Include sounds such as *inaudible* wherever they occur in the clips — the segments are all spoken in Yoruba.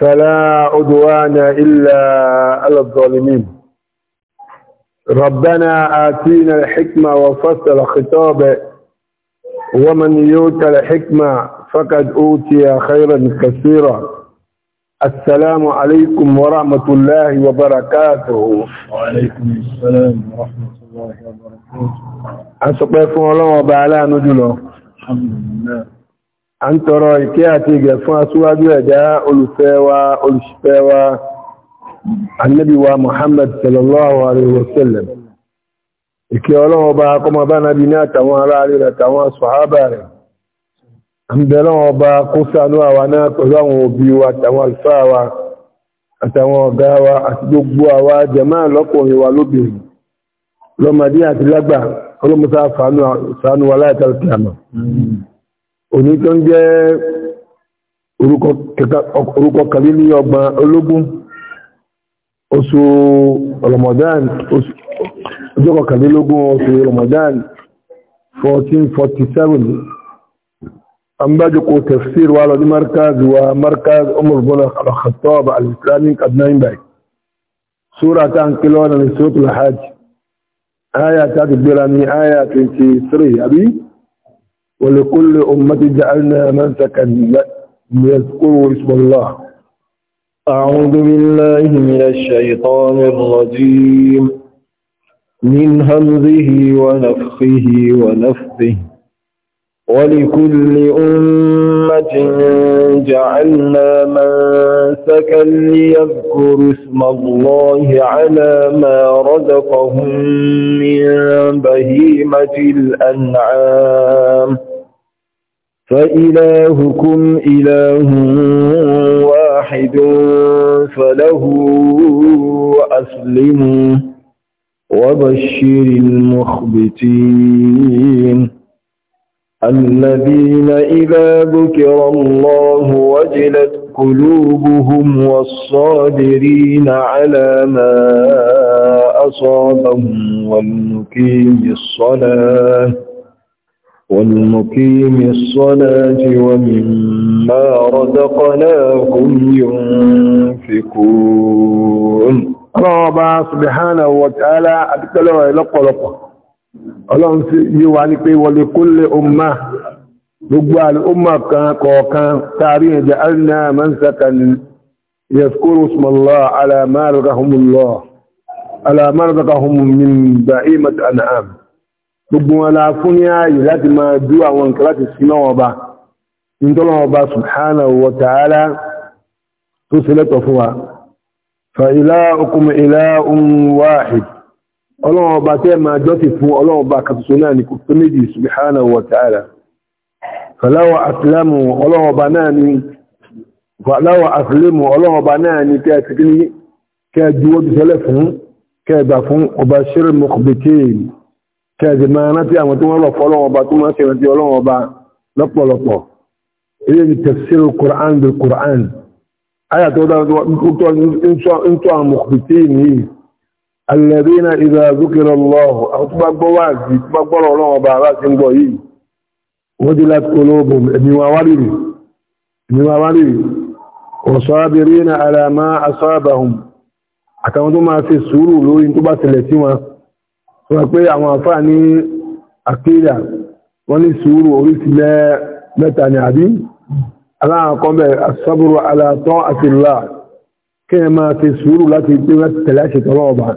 فلا عدوان إلا على الظالمين ربنا آتينا الحكمة وفصل خطابه ومن يؤت الحكمة فقد أوتي خيرا كثيرا السلام عليكم ورحمة الله وبركاته وعليكم السلام ورحمة الله وبركاته أسقف الله وبعلا نجله الحمد لله a ń tọrọ ìkẹ́ àti ìgẹ̀ fún aṣíwájú ẹ̀dá olùfẹ́ wa olùṣìfẹ́ wa annabi wa muhammad sallallahu alaihi wasallam ìkẹ́ ọlọ́wọ́ bá kọmọ bá nábi ní àtàwọn ará rí àtàwọn sọ̀hábà rẹ̀ ń bẹ lọ́wọ́ bá kó sánú àwa náà pẹ̀lú àwọn òbí wa àtàwọn àlùfáà àtàwọn ọ̀gá wa àti gbogbo àwa jẹ̀má lọ́kùnrin wa lóbìnrin lọ́mọdé àti lágbà ọlọ́mọsá sánú wa láìka òní tó ń jẹ́ orúkọ kàlí ní ọgbọ̀n ológún oṣù Ramadan oṣù kọkànlélógún oṣù Ramadan 1447 an bá jẹ́ kò tafsir wà lọ ní markaz wa markaz umar bin al-khattab al-islami kadnayin bai sura ta ń kílọ́ na ní suratul aya ta ti ni aya 23 abi. ولكل أمة جعلنا منسكا ليذكروا اسم الله أعوذ بالله من الشيطان الرجيم من همزه ونفخه ونفثه ولكل أمة جنات جعلنا منسكا ليذكروا اسم الله على ما رزقهم من بهيمة الأنعام فإلهكم إله واحد فله أسلموا وبشر المخبتين الذين إذا ذكر الله وجلت قلوبهم والصابرين على ما أصابهم والمقيم الصلاة والمقيم الصلاة ومما رزقناهم ينفقون الله سبحانه وتعالى أتكلم إلى قلوبهم. ọlọ́run sí yí wà ní pé wọlé kó lè ọmọ gbogbo al'umma kan kọ̀ọ̀kan tààrí ẹ̀jẹ̀ alìnà mọ́sákan yẹ̀skúrò sọmọlọ́ alamárùkahùnmùn ba'imat an'am gbogbo wọn fún ní ààyè láti máa dú àwọn nǹkan láti tó sílẹ̀tọ̀ fún wa fa ilá okùnmù ilá un wáhid ọlọ́run ọba tẹ́ máa jọ́sìn fún ọlọ́run ọba kàtùsù náà ní kò tó méjì subhanahu wa ta'ala fàláwà aslamu ọlọ́run ọba náà ní fàláwà aslamu ọlọ́run ọba náà ní kẹ́ ti kíní kẹ́ juwọ́ ti sẹ́lẹ̀ fún kẹ́ gbà fún ọba ṣírí mọ̀kùbẹ̀tẹ́ẹ̀lì kẹ́ الذين إذا ذكر الله أطبق بوازي أطبق الله وبعضات بوهي ودلت قلوبهم ابن ووالي ابن ووالي وصابرين على ما أصابهم أتمنى ما في السورو لو ينتبه سلسيما وأقول أما أفعني أقيلا وني سورو أريد لا متعني عديم أقوم بالصبر على طاعة الله كما في السورو التي تلاشت الله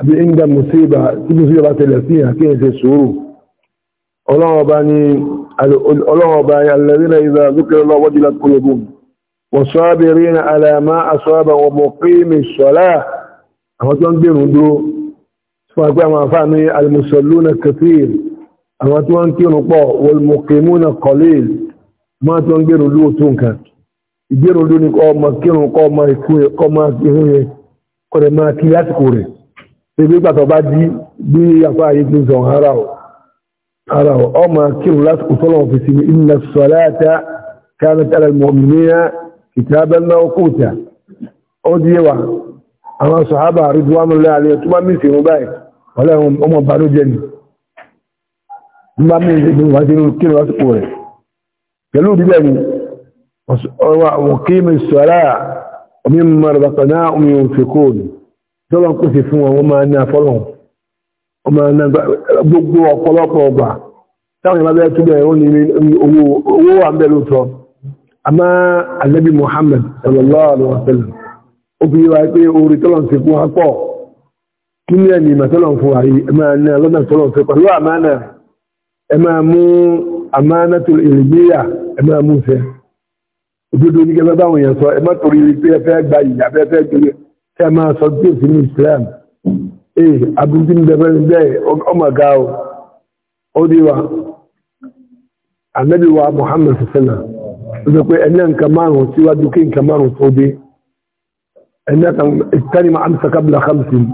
àbí ìgbà mùsíbà tí mùsíbà bá tẹ̀lẹ̀ sí ìhàn kí n ṣe sùúrù ọlọ́run ọba ni alẹ́rìnà ìzà zúkẹrẹ lọ́wọ́dí látkúlógún wọ́n sọ́ábẹ̀rí ní alàmá asọ́ábà wọn mọ̀ pé mi sọ́lá àwọn tó ń gbèrú dúró fún àgbà àwọn afá ní alìmùsọ̀lú na kẹfìr àwọn tó ń kírun pọ̀ wọ́n kọ́ ọmọ kírun kọ́ ọmọ ìkú kọ́ kọ́ ebi gbàtọ̀ bá di bí apá ayé ti ń sọ ara ọ̀ ara ọ̀ ọmọ kírun lásìkò tọ́lọ̀ fi sí inna salata kanat ala al-mu'minina kitaban mawquta ó di yẹwà àwọn sàhábà ridwanullahi alayhim tó bá mí ìsìnkú báyìí wọlé tọ́lọ̀ kò sí fún wọn wọ́n máa ní afọ́lọ̀n wọ́n máa ní gbogbo ọ̀pọ̀lọpọ̀ ọgbà táwọn ìbábẹ́ túbẹ̀ ó ní owó wà ń bẹ̀ lóòótọ́ àmá alẹ́bí Muhammad sallallahu alaihi wasallam ó fi wá pé orí tọ́lọ̀ sí fún wa pọ̀ kí ní ẹni ìmọ̀ tọ́lọ̀ fún wa yìí máa ní lọ́nà tọ́lọ̀ sí pẹ̀lú àmánà ẹ máa mú àmánatul ìlìgbéyà ẹ máa mú fẹ́ òdodo ní kẹfẹ́ báwọn èèyàn sọ ẹ má torí pé ẹ fẹ́ gba ìyà fẹ́ fẹ́ gbélé ẹ máa sọ pé òsì ní Islam ee eh, abúlé ń bẹ̀rẹ̀ ní bẹ́ẹ̀ ọmọ ga o ó dé wa ànábì wa Muhammad sọ́sẹ́nà ó sọ pé ẹ̀nà nǹkan márùn-ún síwájú kí nǹkan márùn-ún tó dé ẹ̀nà kan ìtàní máa ń sàkábìlà hamsin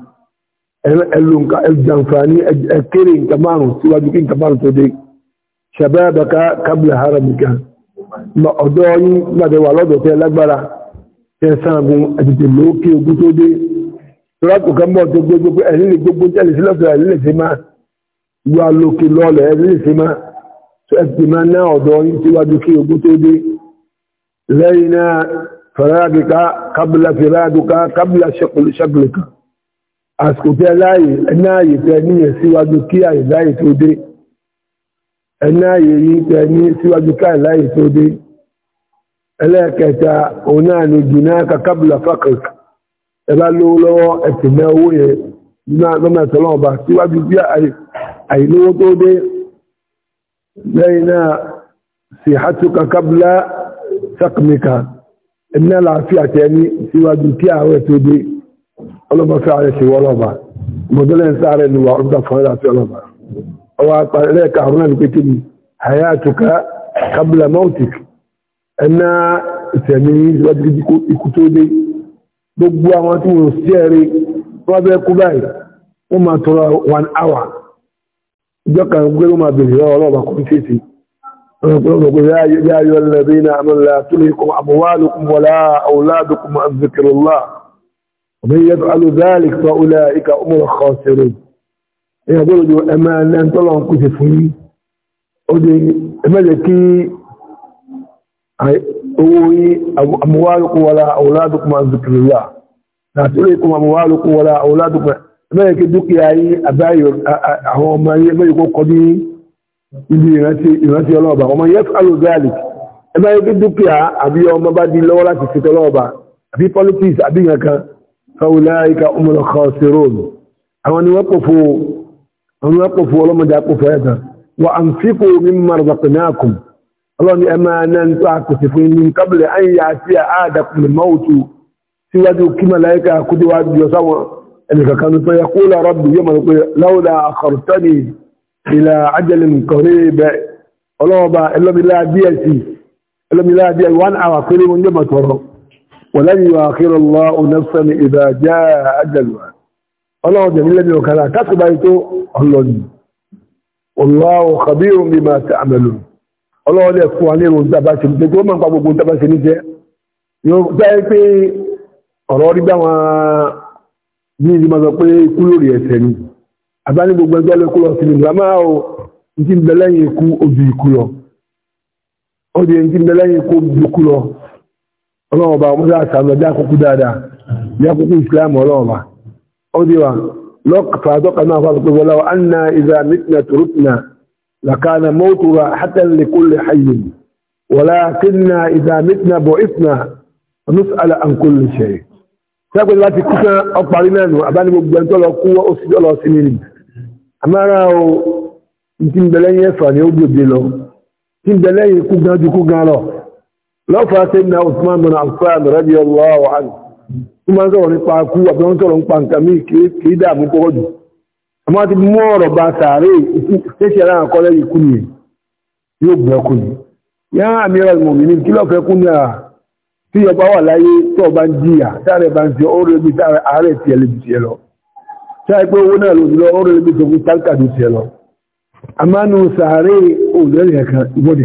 ẹ̀lú nǹkan ẹ̀jànfààní ẹ̀kéré nǹkan márùn síwájú kí nǹkan márùn tó dé ṣàbẹ́ àbẹ̀ká kábìlà haramika ọ̀dọ́ yín gbàdẹ̀wà lọ́dọ̀ tẹ́ lágbára ẹ̀sàgùn àtìtì lókè ogun tó dé tọ́lápù kan bọ̀ tó gbé gbogbo ẹ̀rí lè gbogbo tẹ́lẹ̀ sí lọ́sọ̀rọ̀ ẹ̀rí lè fi máa yọ alókè lọ́ọ̀lẹ̀ ẹ̀rí lè fi máa tó ẹ̀sìn máa ná ọ̀dọ́ yín síwájú kí ogun tó dé lẹ́yìn náà fàràdìká kábìlà fìràdùká kábìlà ṣàkùlùkà àsìkò tẹ láàyè ẹná àyè tẹ níyẹn síwájú kí àyè láàyè tó dé ẹná àyè yín tẹ ní síwájú kí àyè láàyè tó dé ẹlẹ́ẹ̀kẹta òun náà ni jùnáàkà kábùlà fákìrìkì ẹbá lówó lọ́wọ́ ẹ̀tìmẹ́ owó yẹn nínú àgbọ́mọ̀ àìlówó tó dé lẹ́yìn náà sì hátúkà kábùlà sákìmìkà ẹ̀mí àlàáfíà tẹ́ni síwájú kí ààrẹ tó dé ọlọ́bà ààrẹ ṣe wọ́lọ́bà mọ̀dọ́lẹ̀ ń sáré ni wà ọ̀dà ọlọ́bà ọwọ́ apá ẹ̀nà ìtẹ̀mí ìwádìí ikú tó dé gbogbo àwọn tí wọ́n sí ẹ̀rẹ́ wọ́n bẹ́ kú báyìí wọ́n máa tọrọ one hour ìjọ kan gbé ló máa bèèrè lọ́wọ́ ọlọ́ọ̀bà kò fi fèsì يا الذين آمنوا لا تلهكم أموالكم ولا أولادكم عن الله ومن يفعل ذلك فأولئك هم الخاسرون يقول أما أن أنت الله كنت فيه أما أوي أموالكم ولا أولادكم عن ذكر الله لا تريكم أموالكم ولا أولادكم ما يكدوك يا أي أباير هو ما يكون قديم ibi ìrántí ìrántí ọlọ́ọ̀bà ọmọ yẹn fàlù gáàlì ẹ máa yẹ dúkìá àbí ọmọ bá di lọ́wọ́ láti fi tọ́lọ́ọ̀bà àbí politics àbí nǹkan fáwọláìka ọmọlọ́kọ̀ síròmù àwọn ni wọ́n pòfò àwọn ni wọ́n pòfò ọlọ́mọdé àpòfò ẹ̀ta wọ́n àǹfíkò mímọ̀ ọlọ́ni ẹ máa náà tó àkùsì fún ní kábìlẹ̀ àyíyá àti àádàkùnlẹ̀ mọ́ọ̀tù síwájú kí màláíkà kúdé wá jù sáwọn ẹnìkàkan tó yẹ kó lọ́rọ̀ bí yóò máa pé láwùdá àkọ̀rọ̀tọ́nì ìlà ajẹ́lẹ̀ nìkọ̀rẹ́ bẹ ọlọ́ọba ẹlọ́mílá díẹ̀ sí ẹlọ́mílá díẹ̀ one hour péré wọn yóò máa tọrọ wọ́n lẹ́yìn wa kéré ọlọ́ọ̀lẹ̀ fún wa lérò gbàgbà ṣe ní gbogbo máa ń pa gbogbo gbàgbà ṣe ní jẹ́ yóò jáde pé ọ̀rọ̀ rí gbà wọn bí ìdí máa sọ pé ikú lórí ẹ̀ṣẹ̀ ni àbáni gbogbo ẹgbẹ́ lóko lọ sí nìgbà máa o ní ti ń bẹ lẹ́yìn ikú ojú ikú lọ ó di ti ń bẹ lẹ́yìn ikú ojú ikú lọ ọlọ́wọ́ bá لكان موت راحة لكل حي ولكننا إذا متنا بعثنا ونسأل عن كل شيء sẹ́gbẹ̀ẹ́ láti kú sán ọparí náà nù àbáni gbogbo ẹni tó lọ kú ó sì lọ sí nínú àmàrà o tí ń bẹ̀lẹ́ yẹn fà ní ó gbòdì lọ tí ń bẹ̀lẹ́ yìí kú gan ju kú gan lọ lọ́fà sayyidina Usman bin Affan radiyallahu anhu tí máa ń sọ̀rọ̀ nípa kú àbẹ́wọ́n sọ̀rọ̀ nípa nǹkan mí kì í dààmú pọ́jù àmọ́ ti mú ọ̀rọ̀ bá sàárè ìfẹ́sẹ̀ ara àkọlẹ̀ ikú ni yóò gbẹ́ kú ni yá àmì ọ̀rọ̀ ìmọ̀mí ní kí ló fẹ́ kú ní àà tí ọba wà láyé tó ọba ń jìyà sáré bá ń ṣe ó rẹ̀ bí sáré ààrẹ ti ẹ̀ lébi tiẹ̀ lọ sáré pé owó náà lòdì lọ ó rẹ̀ lébi tó fún táǹkà ju tiẹ̀ lọ àmánu sàárè òlẹ́rìn ẹ̀kan ìwọ́dì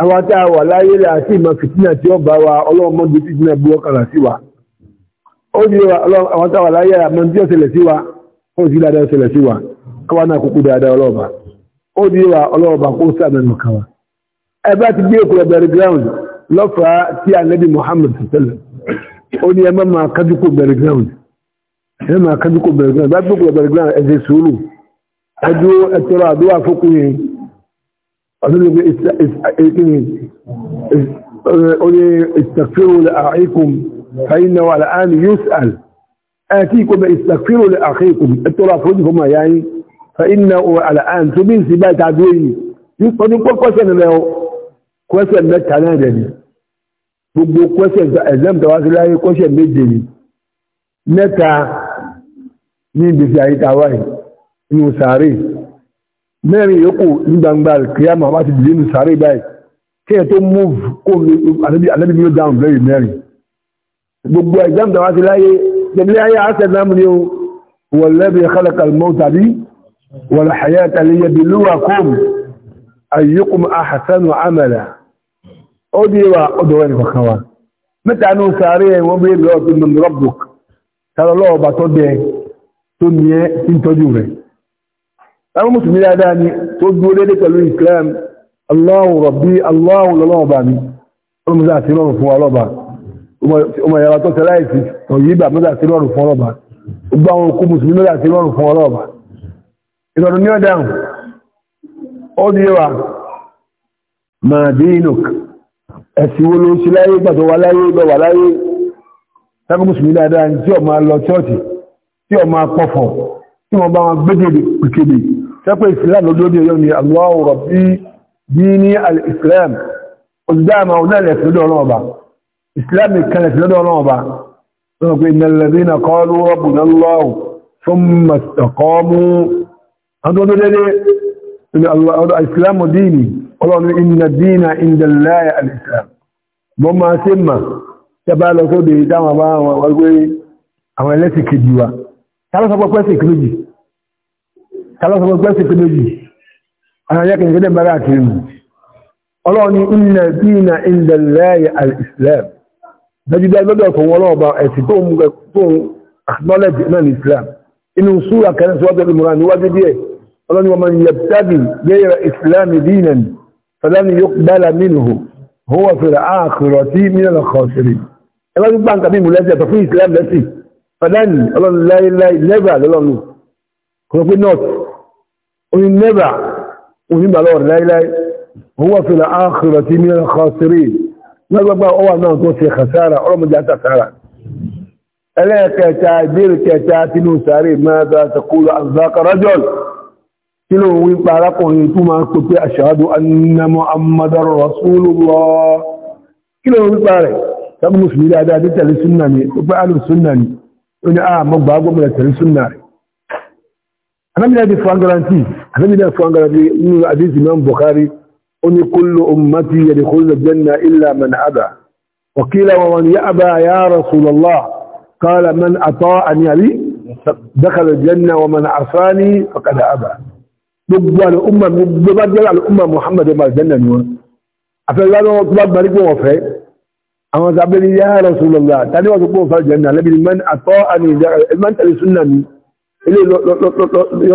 àwọn tá a wà láyé rẹ̀ àti ìmọ̀ fìtínà tí ó bá wa ọlọ́run mọ́ gbèsè ìjìnà bú ọkàrà sí wa ó ní àwọn tá a wà láyé rẹ̀ àmọ́ tí ó ṣẹlẹ̀ sí wa ó sì dáadáa ṣẹlẹ̀ sí wa káwa náà kúkú dáadáa ọlọ́ọ̀bà ó ní wa ọlọ́ọ̀bà kó sàmẹ́nu káwa ẹ bá ti gbé èkó ẹgbẹ̀rẹ̀ ground lọ́fàá tí Ànábì Muhammad sẹ́lẹ̀ ó ní ẹ má máa kájú kó ẹgbẹ̀rẹ̀ ground ẹ máa kájú kó ẹgbẹ̀rẹ̀ ground bá gbé èkó ẹgbẹ̀rẹ̀ ground ẹ ọdún ìgbé oye ìtàkfíró lè àríkùn fàyínà wà láàrín yus'al ẹ̀kí ìkọ́bẹ̀ ìtàkfíró lè àríkùn ẹ̀tọ́rọ àforíjì fún àyáyí fàyínà wà láàrín tó bí ìsìnbá ìtàdó yìí ọdún kọ́kọ́sẹ̀ rẹ̀ kọ́sẹ̀ mẹ́ta náà rẹ̀ ni gbogbo kọ́sẹ̀ exam tàwa sí láyé kọ́sẹ̀ ní ìgbésí ayé tàwa ní òsàárè mẹ́rin yòókù ní gbangba kìyàmà wá ti dìde ní sàárè báyìí kí ẹ tó move kó alẹ́bí ní ó dáhùn lẹ́yìn mẹ́rin gbogbo exam tàwa ti láyé jẹ́bi láyé àṣẹ̀dám ni ó wal ladhi khalaqa al-mawta tàbí wal hayata liyabluwakum ayyukum ahsanu amala ó di wa ó dọ̀wẹ́ ní kankan wa mẹ́ta ní sàárè wọ́n bí lọ́ọ̀ tó nù rọ́bùk bàtọ́ bẹ́ẹ̀ tó ní tí ń tọ́jú rẹ̀ àwọn mùsùlùmí dáadáa ni tó dúró dédé pẹ̀lú islam aláwọ̀ rọ̀bí aláwọ̀ lọ́lọ́ọ̀bà mi ọlọ́mọdé àti rọrùn fún ọlọ́ba ọmọ ìyàwó tó tẹ láìsí ọ̀yíbà mọ́dé àti rọrùn fún ọlọ́ba gbogbo àwọn okú mùsùlùmí mọ́dé àti rọrùn fún ọlọ́ba ìrọ̀rùn ní ọ̀dáhùn ó di wa máa dé inok ẹ̀sìn wo ló ń tí ó máa lọ chọ́ọ̀tì tí ó máa pọ̀fọ̀ tí wọ́n bá wọn gbé sẹ́pẹ̀ islam ló dóbi yóò ní Allahu Rabbi dini al-islam olùdáàmà ọ̀nà ẹ̀lẹ́sìn lọ́dọ̀ ọ̀nà ọba islam nìkan ẹ̀sìn lọ́dọ̀ ọ̀nà ọba wọ́n pe innal ladhina qalu rabbuna Allahu thumma istaqamu ọdún tó dédé islam dini ọlọ́run inna dina inda Allahi al-islam mọ́ máa ṣe mà lọ sóde dáwọn bá wọn àwọn ẹlẹ́sìn kejì tàbí sọ pé pẹ́sìn kálọ́sọ̀rọ̀ gbẹ́sì pé méjì àyàkì ìgbẹ́dẹ̀ bára àti ìrìn ọlọ́ni inna dina inda Allahi al-islam dájúdá lọ́dọ̀ fún ọlọ́ọ̀bá ẹ̀sì tó ń acknowledge náà ní islam inú súra kẹrin sọ́dọ̀ ìmúra níwájú díẹ̀ ọlọ́ni wa man yabtaghi ghayra islam dinan falan yuqbala minhu huwa fil akhirati minal khasirin ẹgbẹ́ gbígbà nǹkan mímú lẹ́sẹ̀ tó fún islam lẹ́sìn falan ونبع ونبع لور ليلى هو في الآخرة من الخاسرين نبع بقى هو أنه توصي خسارة أولا ما جاءت خسارة ألا كتعبير كتاتنو ساري ماذا تقول عن ذاك رجل كلو ويبارقه ثم كنت أشهد أن محمد رسول الله كلو ويبارق كم مسلمين هذا دي تلي سنة وفعل السنة ونعم مباقوا من تلي سنة أنا من هذه فان جرانتي annabi da suwan garabi in hadisi imam bukhari oni kullu ummati yadkhulul janna illa man aba wa qila wa man yaba ya rasul allah qala man ata'ani ali dakhala aljanna wa man asani faqad aba gbogbo al umma gbogbo ba jẹ́ al umma muhammad ma janna ni wọ́n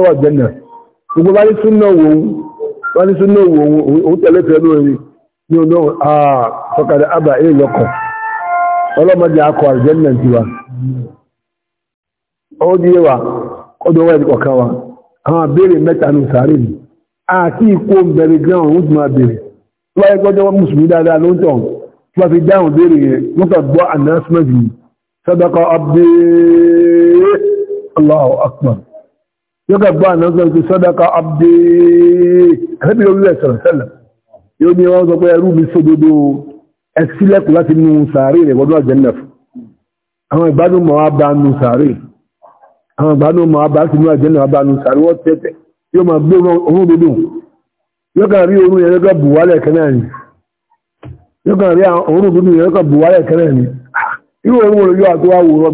afẹ́ gbogbo bá ní súnà wò ó bá ní súnà wò ó òun tẹ̀lé tẹ̀lé rẹ̀ ní ọdún àtọ́kadà àbà èyí lọ́kọ̀ ọlọ́mọdé akọ àrùjẹ́nà ti wa ó di wa ọdún wáyé kọ̀ọ̀kan wa àwọn abéèrè mẹ́ta ní sàárè mi àti ikú bẹ̀rẹ̀ ground ó ti máa bèrè tó bá yẹ kọjọ́ mùsùlùmí dáadáa ló ń tàn tó sadaqa abdi Allahu akbar yóò kà gbọ́ àná sọ pé sọ́dọ̀kà abdé ẹ̀rẹ́bí lórí rẹ̀ sọ̀rọ̀ sẹ́lẹ̀ yóò ní wọ́n sọ pé ẹrú mi sódodo ẹ̀sílẹ̀kùn láti nu sàárè rẹ̀ wọ́dún àjẹ́nà fún àwọn ìgbádùn mọ̀ wá bá nu sàárè àwọn ìgbádùn mọ̀ wá bá gbé orun dodo yóò kà rí orun yẹn lọ́kà bùwálẹ̀ kẹ́nà ni yóò kà rí orun dodo yẹn lọ́kà bùwálẹ̀ kẹ́nà ni ah, irú orun wo yóò àtúwá wò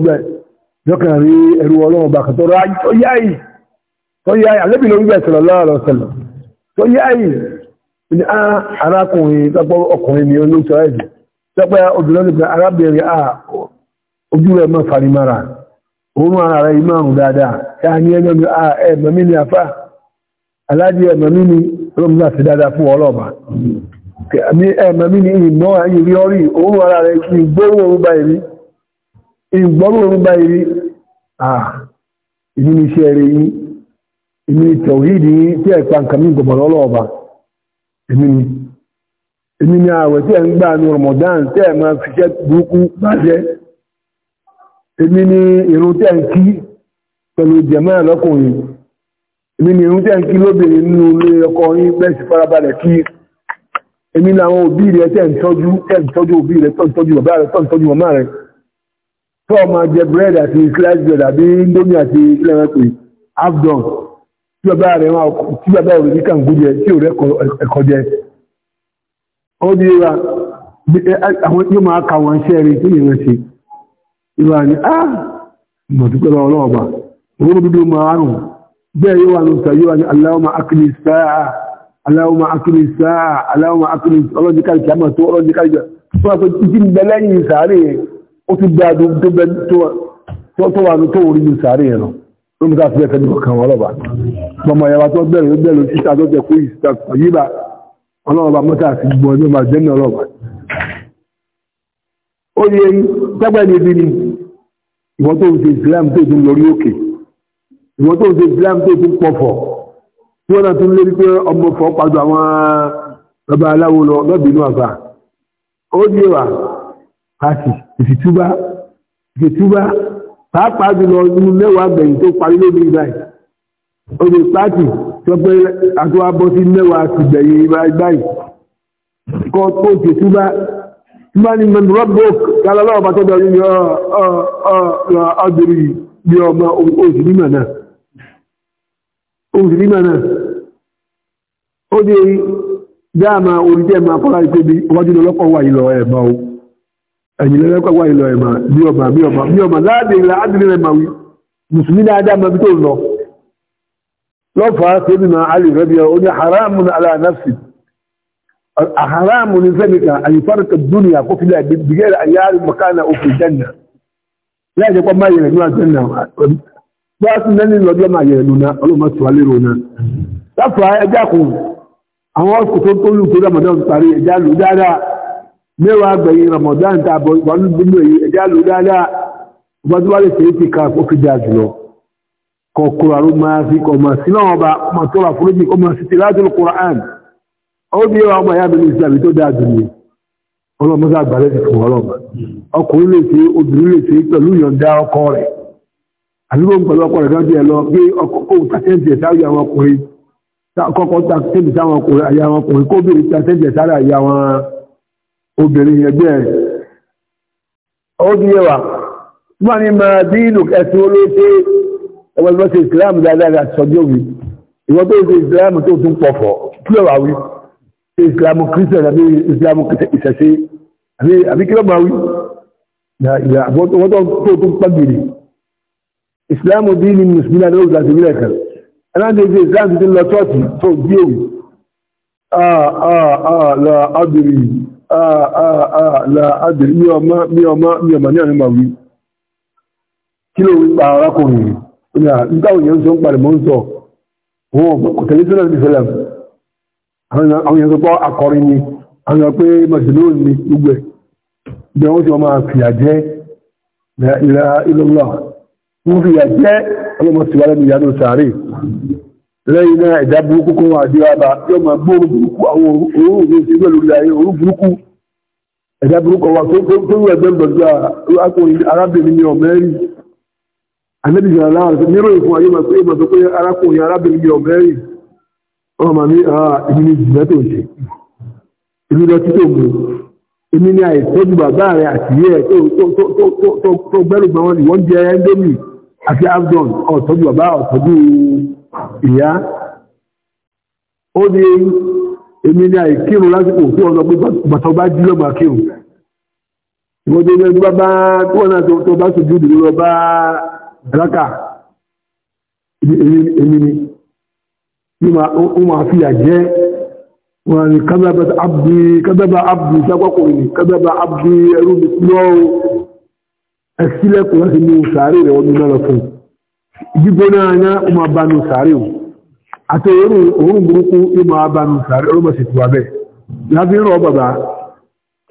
yóò kà rí ẹrú ọlọ́run bàkàtọ́rọ́ ayé tó yá àlébì ló ń bẹ̀ sọ̀rọ̀ lọ́rọ̀ sọ̀rọ̀ tó yá yìí ni a arákùnrin tọ́pọ̀ ọkùnrin ni olóòtú ẹ̀jẹ̀ tọ́pọ̀ obìnrin nípa arábìnrin ah, a ojú rẹ̀ mọ́ farimara òun ara rẹ̀ dáadáa ìrí ara ah ìdí ni iṣẹ́ rẹ̀ yìí èmi tọ̀hídì tí ẹ̀ pa nǹkan mi gbọ̀mọ̀rọ̀ ọlọ́ọ̀ba èmi ni èmi ni ààwẹ̀ tí ẹ̀ ń gbà ní Ramadan tí ẹ̀ máa fi ṣẹ́ burúkú bàjẹ́ èmi ni irun tí ẹ̀ ń kí pẹ̀lú jẹ̀mọ́ ẹ̀lọ́kùnrin èmi ni irun tí ẹ̀ ń kí lóbìnrin nínú ilé ọkọ yín bẹ́ẹ̀ sì farabalẹ̀ kí èmi ni àwọn òbí rẹ̀ tẹ̀ ń tọ́jú tẹ̀ ń tọ́jú òbí rẹ̀ tọ́ ń tọ́jú bàbá rẹ̀ tọ́ ń tọ́jú màmá rẹ̀ tọ́ ọ máa tí bàbá rẹ̀ wọn tí bàbá òrùn níkà ń gúnjẹ tí ò rẹ̀ ẹ̀kọ́ jẹ ó ní wa àwọn yóò máa ka wọn ṣẹ́ rí tí ìrìn ṣe ìwà ni á mọ̀dúpẹ́ lọ ọlọ́ọ̀bà owó dúdú máa rùn bẹ́ẹ̀ yóò wà ní ìta yóò wà ní Allahumma akíní sáà Allahumma akíní sáà Allahumma akíní ọlọ́jíkà ìkàmà tó ọlọ́jíkà ìkàmà tó wà pé títí ń bẹ lẹ́yìn ìsàárè ó ti gbà tó wà ní tó orí ìsàárè rẹ̀ ló mú káfíẹ́ fẹ́ nípa kan ọlọ́ba mọ̀mọ́ ìyàwó tó bẹ̀rẹ̀ ló bẹ̀rẹ̀ títà tó jẹ kó ìsìta yíba ọlọ́ba mọ́ta àti gbọ́ ní ọmọ àjẹ́ náà ọlọ́ba ó yẹ tẹ́gbẹ́ ní ibi ni ìwọ́n tó ń ṣe Islam tó tún lórí òkè ìwọ́n tó ń ṣe Islam tó tún pọ̀fọ̀ tí wọ́n náà tún lé wípé ọmọ fọ́ padà àwọn bàbá aláwo lọ lọ́bìnú àgbà ó yẹ wà pàṣì ìfìtúbá ìfìtúbá pàápàá jùlọ inú mẹ́wàá gbẹ̀yìn tó parí lóbi báyìí olè pàtì sọ pé àtúwà bọ́ sí mẹ́wàá ti gbẹ̀yìn báyìí kọ́ tó ti túbá túbá ní mẹ́nu rọ́bùk kálọ́lọ́ ọba tó dọ̀rí ní ọdúnrí bí ọmọ òsìlímọ̀ náà òsìlímọ̀ náà ó dé dáàmà orí tẹ́ máa kọ́lá ìpébi ọwájú lọ́pọ̀ wà ìlọ ẹ̀mọ́ ẹ̀yìnlẹ́lẹ́ pẹ̀wà ìlọ ẹ̀mà bí ọmọ bí ọmọ bí ọmọ láàdì ìlà ádìrí rẹ̀ màwí mùsùlùmí dáadáa mọ̀ bí tó lọ lọ́fà sẹ́bìnà alì rẹ̀bí ọ ní haramu ní aláàáfì haramu ní sẹ́bìnà àyífárikà dúnìyà kó fi bìgẹ́rẹ̀ àyárí makana òfin janna láàjẹ́ pọ́ máa yẹ̀rẹ̀ níwá janna bá a tún lẹ́ni lọ́jọ́ máa yẹ̀rẹ̀ lónà ọlọ́mọ tó alẹ́ lónà lọ́fà ẹjá kù àwọn ọkùnrin tó tó lù tó ramadan parí ẹjá lù dáadáa mẹ́wàá gbẹ̀yìn Ramadan tàbí ìgbàlú gbogbo èyí ẹjá ló dáadáa ọba ti ká ó jùlọ kọkùrọ̀ àrùn máa fi kọmọ sí láwọn ọba ọmọ tó rà fúrújì kọmọ sí Qur'an ó bí ọmọ ìyá mi ní Islam tó dáa jù ní ọlọ́mọ sá ti fún ọlọ́mọ ọkùnrin lè ṣe obìnrin lè ṣe pẹ̀lú ìyọ̀ǹda ọkọ rẹ̀ àdúgbò pẹ̀lú ọkọ rẹ̀ obìnrin ẹgbẹ́ ẹ̀ ọdún yẹwà wọ́n ni máa bí ìlú ẹ̀sìn olóòṣè ẹgbẹ́ tó ṣe ìsìláàmù dáadáa àti sọ́jọ́ òbí ìwọ́n tó ṣe islam tó tún pọ̀fọ̀ kí lọ́wọ́ àwí ṣe ìsìláàmù kírísítẹ̀n àbí ìsìláàmù ìṣẹ̀ṣe àbí kí lọ́wọ́ àwí ìwọ́n tó tún pàgìrì ìsìláàmù bí ní mùsùlùmí àti olùdásí ìbílẹ̀ kan aláǹdẹ̀ ṣe ìsìláàmù tó lọ ṣọ́ọ̀ṣì tó gbé òwì ah, ah, ah, láàádìí ní ọmọ ní ọmọ ní ọmọ ní ọmọ wí kí ló ń pa arákùnrin ní àtàwọn èèyàn sọ ń parí mọ́ ń sọ wọn kò tẹ̀lé sílẹ̀ ní sẹ́lẹ̀ àwọn èèyàn sọ pé akọrin ni àwọn pé mọ̀sílóòn ni gbogbo ẹ̀ bí wọ́n ti wọ́n máa fìyà jẹ́ ìlà ìlọ́lọ́ wọ́n fìyà jẹ́ ọlọ́mọ síwájú ìyá ló sàárè lẹ́yìn náà ẹ̀dá burúkú kún àdíwába yóò máa gbóòrò burúkú àwọn òórùn ní ìṣẹ́gbẹ̀ lórí ayé òórùn burúkú ẹ̀dá burúkú wa tó rú ẹgbẹ́ gbọ̀dọ̀ arákùnrin arábìnrin ní ọ̀mẹ́rì anábìyàn aláàrẹ̀ nírò ìfún ayé máa pé máa sọ pé arákùnrin arábìnrin ní ọ̀mẹ́rì wọn máa ní ah, èmi ní ìjìnlẹ̀ tó ṣe èmi lọ títò mu èmi ní àìtọ́jú bàbá rẹ̀ àti yẹ́ tó gbẹ́rù gbọ́n wọn ni wọ́n jẹ́ ẹ́ndómì àti afdon ọ̀tọ́jú bàbá ọ̀tọ́jú ìyá ó ní èmi ní àìkírun lásìkò tí wọ́n sọ pé bàtà bá jí lọ́gbà kírun ìwọ́n tó ní ẹgbẹ́ bá tí wọ́n náà tó bá sojú ìdílé lọ bá ẹ̀láka èmi ni ó máa fi àjẹ́ wọ́n ni kábẹ́bà abdi kábẹ́bà abdi sápákùnrin ni kábẹ́bà abdi ẹrú mi kúrọ́ ẹ̀sílẹ̀kùn láti ní sàárè rẹ̀ wọ́n ní lọ́lọ́ fún un gbígbóná anya ma bá nù sàárè wù àti òórùn burúkú ìmọ̀ abánu sàárè ọlọ́mọ̀ sì ti wà bẹ́ẹ̀ láti rọ bàbá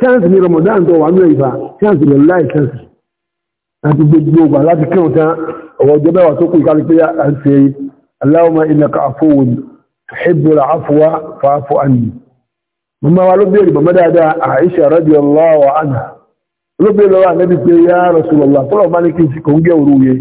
chance ni Ramadan tó wà ní ìfà chance ni láì chance láti gbogbo ọgbà láti kí ọ̀tá ọwọ́ ọjọ́ mẹ́wàá tó kù ìkálí pé à ń ṣe Allahumma innaka afuwun tuhibbul afwa fa'fu anni mọ́mọ́ wa ló béèrè mọ́mọ́ dáadáa Aisha radiyallahu anha ló béèrè lọ́wọ́ ànábì pé ya Rasulullah tọ́lọ̀ bá ní kí n sì kò ń gẹ́ òru yẹn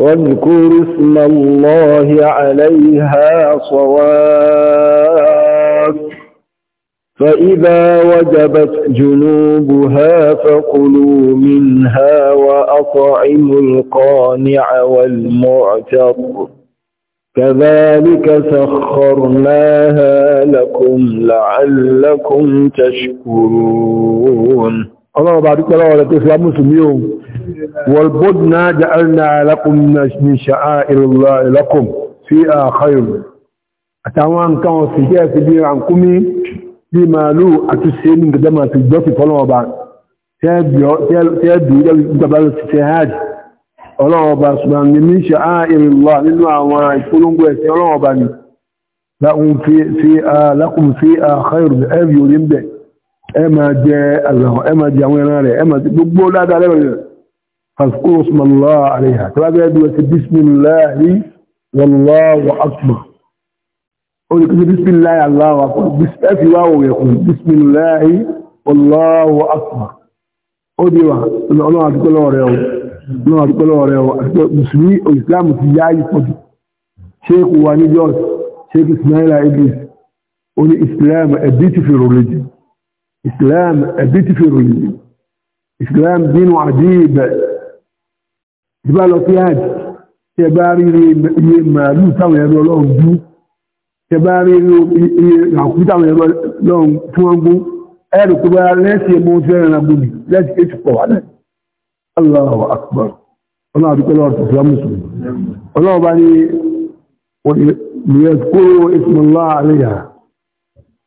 واذكر اسم الله عليها صواب فإذا وجبت جنوبها فقلوا منها وأطعموا القانع والمعتر كذلك سخرناها لكم لعلكم تشكرون الله بارك الله ولك يا مسلمين والبدنا جعلنا لكم من شعائر الله لكم فيها خير أتوان كان في جهة بي عنكم بما لو أتسين قدما تجدوتي فالله بارك تيبي قبل السهاد الله بارك سبحانه من شعائر الله من وعوان يقولون قوة الله بارك لكم فيها خير بأبي ولمبئ ẹ máa jẹ àgbàwọ̀ ẹ máa jẹ àwọn ẹran rẹ̀ ẹ máa ti gbogbo ládàá lẹ́wọ̀n rẹ̀ fàṣkó sọmọlá àríyá tí wọ́n bẹ́ẹ̀ dúró sí bísmìláì wallahu akbar ó ní kí sí bísmìláì Allahu akbar ẹ fi wá òwe kùn bísmìláì wallahu akbar ó di wa ọlọ́run àdúgbò lọ́wọ́ rẹ̀ o ọlọ́run àdúgbò lọ́wọ́ rẹ̀ o àti mùsùlùmí ìsìlámù ti yá yí pọ̀jù sheikh wa ní Jos sheikh Ismaila Idris ó ní islam a beautiful religion islam ẹbí ti fi ròyìn islam dínú àdíyìnbẹ̀ ìbá lọ sí àjì tí ẹ bá rí iye màálù táwọn ẹ̀rọ ọlọ́run bú tí ẹ bá rí iye àkú táwọn ẹ̀rọ ọlọ́run tí wọ́n gún ẹ̀rù tó bá lẹ́sì ẹmọ tí ẹ̀rọ ẹ̀rọ gbòmì lẹ́sì ètò pọ̀ wálẹ̀ Allahu akbar ọlọ́run àdúgbò lọ́rọ̀ tó fẹ́ mùsùlùmí ọlọ́run bá ní wọ́n ni yẹ kó ismullah alayha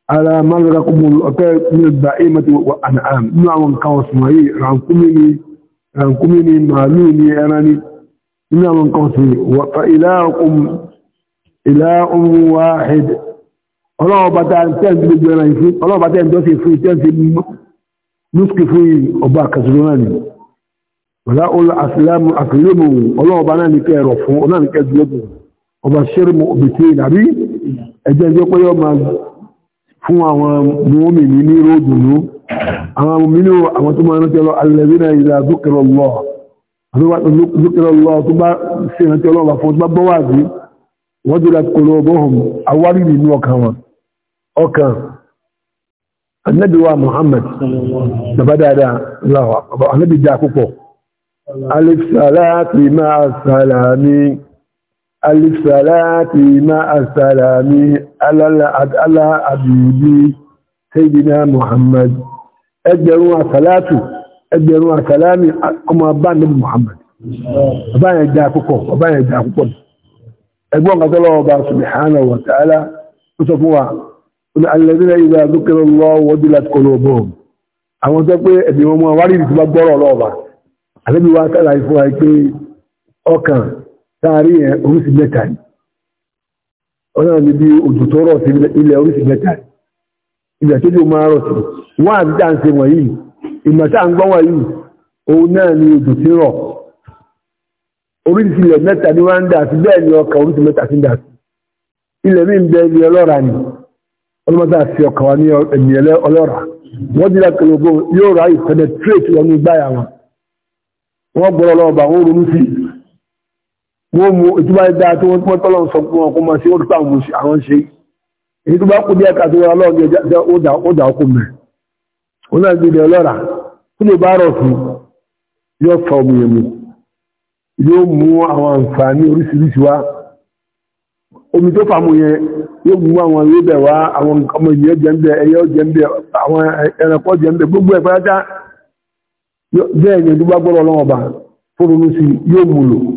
على ما لكم الأطاق من البائمة والأنعام نعم كوس معي رانكمني رانكمني معلوني أناني نعم كوسي فإلهكم إله واحد ọlọ́wọ́ bá dáa tẹ́ǹtì gbogbo ẹran ìfún ọlọ́wọ́ bá tẹ́ǹtì ọ́sẹ̀ fún tẹ́ǹtì lúskì fún ọba àkàtúntò náà ni wọ́lá ọlọ́ àfìlámù àfìlẹ́mù ọlọ́wọ́ bá náà ní kẹ́ ẹ̀rọ fún ọlọ́wọ́ ní kẹ́ fún àwọn mọ́mí ní ní ròdùnú àwọn mọ́mínú àwọn tó máa rántí alẹ́bínà ìlà zókèrọlọ́ tó bá sí rántí ọlọ́wà fún tó bá bọ́wà sí wọ́n tó láti kòrò ọgbọ́hùn awárí nínú ọkàn wọn ọkàn annabiwa alif salati máa salami الصلاة مع السلام على عبيدي سيدنا محمد أجروا صلاة أجروا سلام كما بان محمد أبان يجاككم أبان يجاككم أقول قد الله سبحانه وتعالى وصفوا الذين إذا ذكر الله وجلت قلوبهم àwọn tó pé ẹ̀bí wọn mọ́ wárí ìdí tí wọ́n gbọ́rọ̀ ọlọ́ọ̀bà àlébí wá sára ìfún àìpé ọkàn sáàrí yẹn oríṣi mẹ́ta ni ọlọ́run ni bí òjò tó rọ̀ sí ilẹ̀ oríṣi mẹ́ta ni ilẹ̀ tó lè máa rọ̀ sí wọ́n àti dáǹsẹ̀ wọ̀nyí ìmọ̀ta ń gbọ́n wọ̀nyí òun náà ni òjò tí rọ̀ oríṣi ilẹ̀ mẹ́ta ni wọ́n ń dà sí bẹ́ẹ̀ ni ọkà oríṣi mẹ́ta ti ń dà sí ilẹ̀ mi ń bẹ ni ọlọ́ra ni ọlọ́mọdé àti ọkà wa ní ẹ̀mí ọlọ́ra wọ́n dira kẹlẹ́gbọ́n yóò ráyè penetrate wọn ní gbáyà wọn wọ́n gbọ́dọ̀ lọ́wọ́ bá wọn ronú sí i wọ́n mú ìtúbá dáa tó wọ́n pọ́n tọ́lọ́ sọ fún ọkọ̀ máa ṣe ó dúpá àwọn ṣe àwọn ṣe èyí tó bá kú díẹ̀ káàtó wọn lọ́ọ̀dì ẹjẹ́ ó dà ọkọ̀ mẹ́ ó náà gbé ọlọ́ra tó lè bá rọ̀ fún yóò fa omi ẹ̀mú yóò mú àwọn àǹfààní oríṣiríṣi wá omi tó fàmù yẹn yóò mú àwọn ewébẹ̀ wá àwọn ọmọ ènìyàn jẹ ń bẹ ẹyẹ jẹ ń bẹ àwọn ẹranko jẹ ń bẹ gbogbo ẹ̀ pátá bẹ́ẹ̀ ni ìdúgbàgbọ́rọ̀ ọlọ́wọ́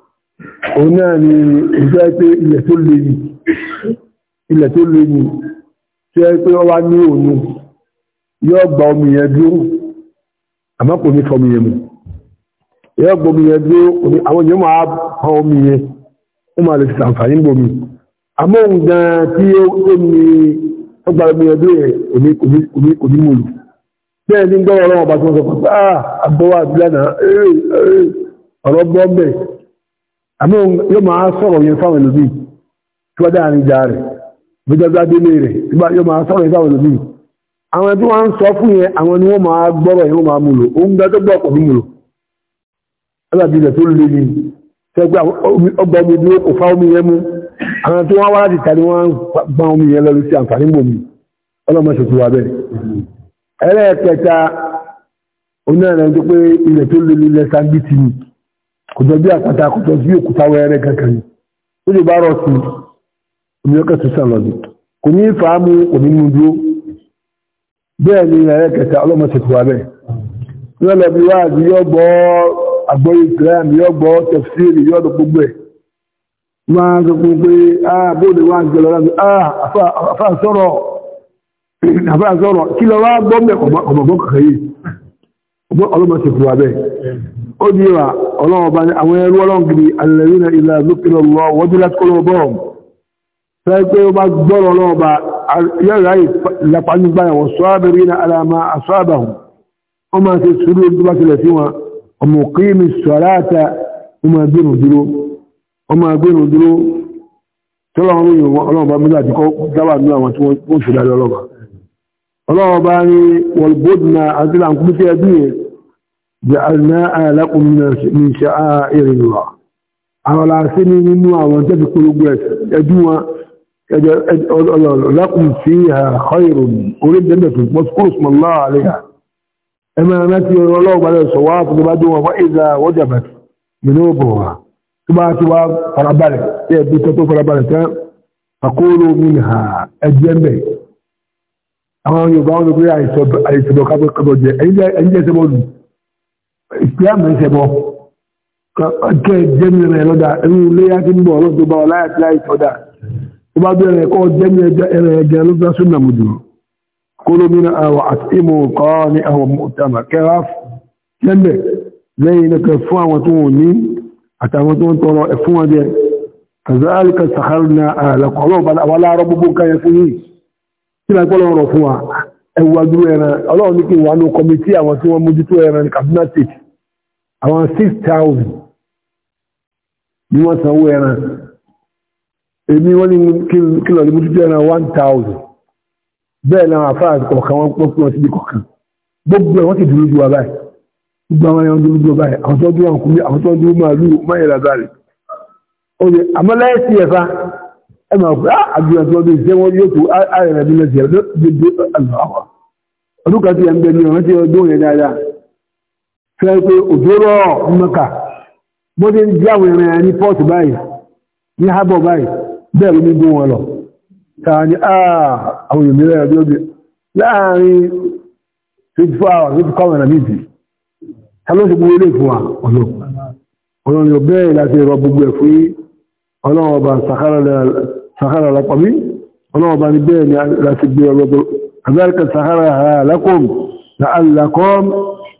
òun náà ni ìjọ pé ilẹ̀ tó lè yìí ilẹ̀ tó lè yìí tí ó pé wọ́n wá ní òun yóò gba omi yẹn dúró àmọ́ kò ní fọmi yẹn mu yóò gba omi yẹn dúró àwọn yẹn máa pa omi yẹn ó máa lè fi sàǹfààní gbomi àmọ́ òun gan tí ó ní ó gba omi yẹn dúró yẹn kò ní mú lù bẹ́ẹ̀ ni gbọ́dọ̀ ọlọ́wọ́ bá tí wọ́n sọ pé ah àgbọ̀wọ́ àbílẹ̀ náà ọ̀rọ̀ bọ́ọ̀bẹ̀ àmọ́ yóò máa sọ̀rọ̀ yẹn fáwọn ẹlòmí tí wọ́n dáa ní ìjà rẹ̀ gbẹjọba délé rẹ̀ yóò máa sọ̀rọ̀ yẹn fáwọn ẹlòmí àwọn tí wọ́n ń sọ fún yẹn àwọn ni wọ́n máa gbọ́rọ̀ yẹn wọ́n máa múlò ó ń gbẹ́jọ́ gbọ́ ọ̀pọ̀ múlò alábi ilẹ̀ tó lé ní tẹ́gbẹ́ ọgbà omi ni kòjọ bí àpáta kòjọ bí òkúta wẹ́rẹ́ kankan ó lè bá rọ̀ sí omi ọkọ̀ sísan lọ́dún kò ní fàámu kò ní mú bẹ́ẹ̀ ni ẹ̀rẹ́ kẹta ọlọ́mọ ṣètò wa bẹ́ẹ̀ lọ́lọ́ bí wá àbí yọ gbọ́ àgbọ́yé Islam yọ gbọ́ tẹ̀fsíìrì yọ lọ gbogbo ẹ̀ máa ń sọ pé ah bóde wá ń gbẹ lọ́la mi ah àfa sọ̀rọ̀ *clears throat* àfa sọ̀rọ̀ kí lọ wá gbọ́ mẹ́kọ̀ọ́ ọmọ ọmọ kankan yìí ọlọ́mọ wa bẹ́ẹ̀ أديوا الله بان أوين ولونجري الذين إذا ذكر الله وجلت قلوبهم فأتوا بعد ضر الله با يلاي لطعن بان والصابرين على ما أصابهم وما في السرور دبك لسوا ومقيم الصلاة وما بينه دلو وما بينه دلو tọ́lọ́wọ́ ní ọlọ́wọ́ bá mílá àti dáwà ní àwọn tí wọ́n ṣùdá lọ́lọ́wọ́ ọlọ́wọ́ bá ní wọ̀lbọ́dùnà àti làǹkúrú sí ẹbí yẹn جعلناها لكم من شعائر الله àwọn aláàṣẹ́ ní nínú àwọn tẹ́bí kúrúgbù ẹjúwọ́n ọlọ́lọ́kùn sí àkọ́ìrò orílẹ̀-èdè tó pọ̀ kúrùsùmọ̀lá àríyà ẹmọ rántí ọlọ́ọ̀gbàlẹ̀ sọ̀wọ́ tó bá dúnwọ́ fún ìzà wọ́jàbà yìnbọ̀ wà tó bá ti wá farabalẹ̀ tẹ́ ẹbí tọ́tọ́ farabalẹ̀ tẹ́ àkóòrò minha ẹjẹ́ mẹ́ àwọn yorùbá wọn ló pé àìsọ̀bọ̀ kápẹ́kọ̀ọ́ jẹ ẹ̀yìn jẹ́ ẹ̀sẹ̀ ìsìlámù ẹsẹ̀ bọ̀ ọjọ́ ìjẹ́mi rẹ̀ lọ́dà ẹ̀rù léyà tí ń bọ̀ ọlọ́dún bá ọláyà tí láì tọ́dà tó bá a ya kọ́ jẹ́mi ẹ̀rẹ̀ ẹ̀jẹ̀ ló bá súnà mú jù àwọn àtìmọ̀ kọ́ ní àwọn mọ̀tàmà kẹ́rà lẹ́lẹ̀ lẹ́yìn nìkan fún àwọn tó ní àtàwọn tó ń tọrọ fún àwọn 6,000 ni wọ́n sanwó ẹran èmi wọ́n ní kílọ̀ ní mútútù ẹran 1,000 bẹ́ẹ̀ náà àfáà kọ̀ọ̀kan wọ́n pọ́ fún ọsíbí kọ̀ọ̀kan gbogbo ẹ̀ wọ́n ti dúró ju wa báyìí gbogbo àwọn ẹran dúró ju wa báyìí àwọn tó dúró àwọn kùnmí àwọn tó dúró máa lú máyẹ̀ lágbàrí oye àmọ́ lẹ́yìn sí ẹ̀fà ẹ máa pẹ́ àdúrà tó dé ìṣẹ́ wọn yóò tó ààrẹ rẹ̀ bí lọ́sẹ̀ ọdún kan ti ẹ̀ ń bẹ ní ọ̀rán tí ọdún yẹn dáadáa fẹ́ pé òjò rọ̀ mọ́kà bó ti ń jáwé rẹ̀ ní pọ́ọ̀tù báyìí ní hábọ̀ báyìí bẹ́ẹ̀ ló ní gún wọn lọ tàà ní ah, àwọn èèyàn mìíràn ẹgbẹ́ oge láàrin 24 hours ló ti kọ́ ọ̀rọ̀ níbi ta ló ṣe gbogbo ilé fún wa ọ̀nà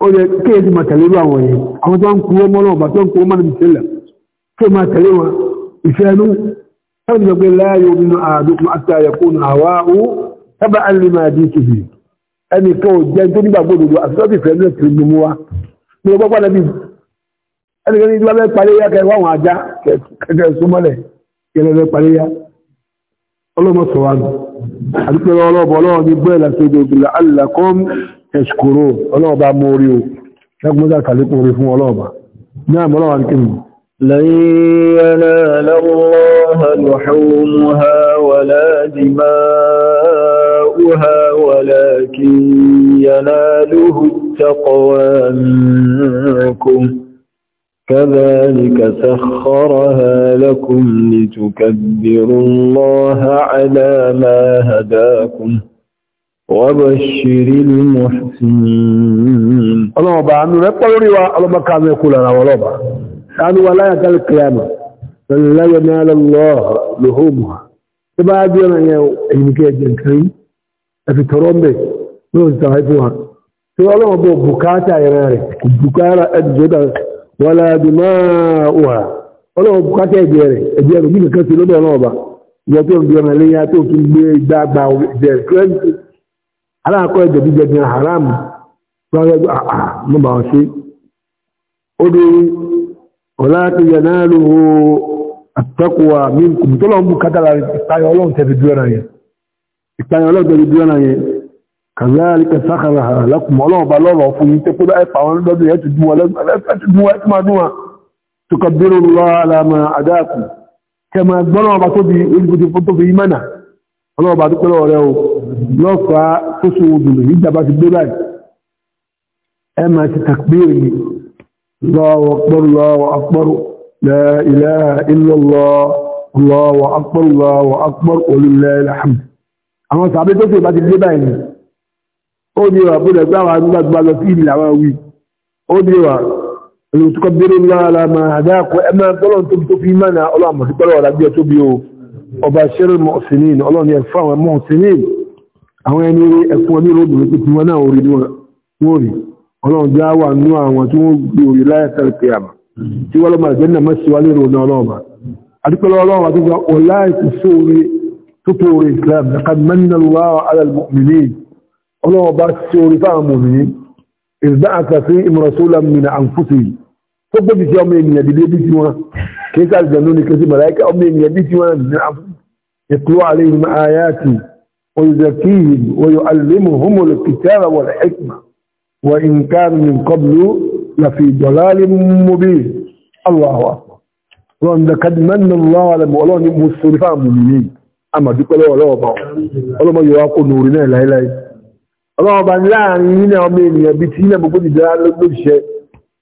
ó yẹ kéè ti ma tẹ̀lé irú àwọn yìí àwọn tó ń kú ọmọ náà bàtọ́ ń kú ọmọ náà tẹ̀lé kéè ma tẹ̀lé wọn ìfẹ́ ẹnu ẹni tó gbé láàyò nínú àdókùn àti àyẹ̀kú àwa ó sábà alẹ́ máa di tìbì ẹni tó jẹ́ tó nígbà gbòdòdó àtúntò ìfẹ́ ẹnu ẹ̀tì mímú wa ní ọgbọ́n padà bí ẹni kan ní ìdílé abẹ́ parí yá kẹ́ wọ́n ajá kẹ́kẹ́ súnmọ́lẹ̀ yẹlẹ́ abẹ́ parí yá ọlọ́mọ sọ̀wánu àdúgbò ọlọ́ọ̀bọ̀ ọlọ́ọ̀ ní bẹ́ẹ̀ lásìkò ìgbìlá alákọ́m ẹ̀ṣkòrò ọlọ́ọ̀bá mórí o ṣẹ́gbọ́njá kàlékùn orí fún ọlọ́ọ̀bá ní àmọ́lọ́wà لن ينال الله لحومها ولا دماؤها ولكن يناله التقوى منكم كذلك سخرها لكم لتكبروا الله على ما هداكم وبشر المحسنين الله با انو رقوري الله كان يقول انا ولا با قالوا ولا يقل القيامة لا ينال الله لهمها تبا دينا يا انكي جنكري في ترومبي لو تايبوها تو الله بو بوكاتا يراري بوكارا اجدا ولا دماؤها الله بوكاتا يجري يجري مين كان في لو الله با يا تو بينا ليا تو كي بي داغبا يجري aláàkọ́ ẹ̀jẹ̀díjẹ̀dì haram lọ́rẹ́gbẹ́ àmọ́bà ọ̀ṣẹ́ ó dé ọ̀láàkì yanáàlù àtẹ́kùwà mímkùn tó lọ́n bú kátàlá ìpáyọ̀ ọlọ́run tẹ́fi dúró yẹn ìpáyọ̀ ọlọ́run tẹ́fi dúró yẹn kàzáàlìkà sáàkàrà lákùnmọ́ ọlọ́run bá lọ́rọ̀ fún yín tẹ́ kódà ẹ̀pà wọn lọ́dún yẹn ti dún wọn lẹ́gbẹ̀ẹ́ tó máa dún lọ́fà kóso odòlò ìjàmbá ti gbé báyìí ẹ máa ti takbiri Allahu akbar Allahu akbar la ilaha illallah Allahu akbar Allahu akbar walillahil hamd àwọn sàbẹ́ tó ṣe bá ti gbé báyìí ó ní wà bó dẹ̀gbẹ́ àwọn arúgbàgbà lọ sí ìlà àwọn wí ó ní wà olùtukọ̀ bèrè ńlá alámà àdáàkọ̀ ẹ máa tọ́lọ̀ tóbi tó fi mánà ọlọ́àmọ̀ sí pẹ́lú ọ̀làgbé o ọba ṣẹ́rẹ̀ mọ̀ọ́sìnìn ọlọ́ni ẹ̀fọ́ àwọn mọ̀ọ́sìnìn àwọn ẹni ẹkùn ọmọ ìlú obìnrin tó ti wọn náà orí wọn rí ọlọ́run já wà nú àwọn tí wọ́n gbé orí láyẹ̀tẹ̀lẹ̀ pé àmà tí wọ́n lọ́mọ ìjẹ́nà mọ́ sí wa lérò náà ọlọ́ọ̀bà adúpẹ́lẹ́ ọlọ́run àti gba ọ̀lá ìkùsó orí tó tó orí Islam laqad manna Allahu ala al-mu'minin ọlọ́run bá sí orí fáwọn kí sáà jẹ̀ lónìí kí sí màláìkà ọmọ ènìyàn bí ti wọn ní àǹfùsì ìkúrò àlẹ́ ayáàtì ويزكيهم ويعلمهم الكتاب والحكمة وإن كان من قبل لفي ضلال مبين الله أكبر لأن قد من الله على مؤلون مصرفا مبينين أما ديك الله الله أبا الله ما يواقع نورنا لا إله الله أبا لا أنينا أمين يبتين بقول جلال كل شيء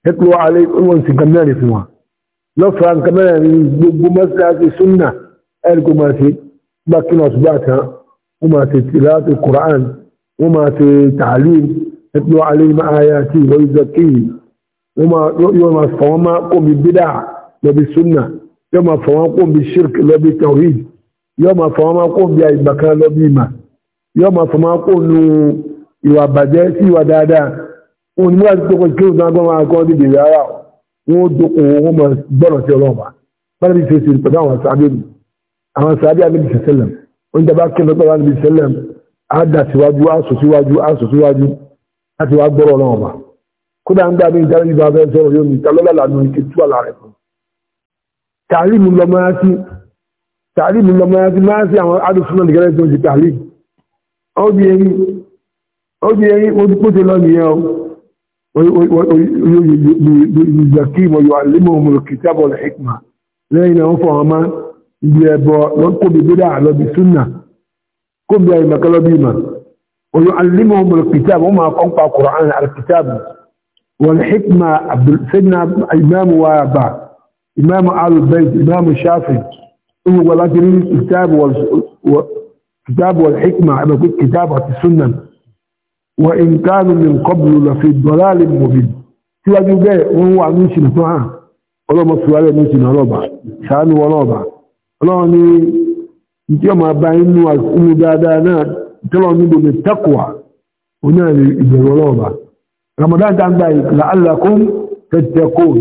يتلو عليك أول سكمناني فيما لفران كمان بمسلحة السنة أركم ما في باكين أصبعتها wọ́n máa ṣe tìláàtì Quran wọ́n máa ṣe tààlìm ẹgbẹ́ alẹ́mọ ayé àti ìwọ ìzọkì yóò máa fọ wọn máa kó mi bídà lọ́bi sunna yóò máa fọ wọn kó mi shirk lọ́bi tawhid yóò máa fọ wọn máa kó mi àìgbàkan lọ́bi ìmà yóò máa fọ wọn kó nu ìwà bàjẹ́ sí ìwà dáadáa wọn ni wọ́n ti tókọ̀ kí wọ́n gbọ́n máa kọ́ níbi ìrẹ́ ara wọn dókò wọn máa gbọ́nà oúnjẹ bá kí lọ́tọ́ láti sẹ́lẹ̀m àádà síwájú àṣò síwájú àṣò síwájú láti wá gbọ́rọ̀ náà wà kódà ń gbà ní ìdáná yìí bá fẹ́ sọ̀rọ̀ yóò ní ìta lọ́lá lànà ìké tú àlà rẹ̀ fún. tààlì mi lọ máa sí tààlì mi lọ máa sí máa sí àwọn adùsúná nìkẹ́lẹ́ tó ti tààlì. ó di eyín ó di eyín ó ti kóso lọ nìyẹn o yóò yẹ kí ìmọ̀ yọ àlémọ̀ òmùlò kìtàbọ̀ lẹ́yìn náà ó fọ̀ wọn máa يبا لنكو ببدع لبي سنة كم بأي مكالبي ويعلمهم الكتاب وما قنقى على الكتاب والحكمة سيدنا إمام وابا إمام آل البيت إمام الشافعي هو لكن الكتاب والكتاب والحكمة أنا قلت كتابة السنة وإن كانوا من قبل لفي الضلال المبين سيدنا وهو عميشنا معا ولا مصر عليه عميشنا ربا شان ونوبا ọlọ́run ni ìjọ ma bá inú àkúrú dáadáa náà tọ́lọ́ níbo ní taqwa oní àrí ìbẹ̀rù ọlọ́ọ̀bà ramadan ta ń gba ìkìlá alákún tẹ̀tẹ̀kọ́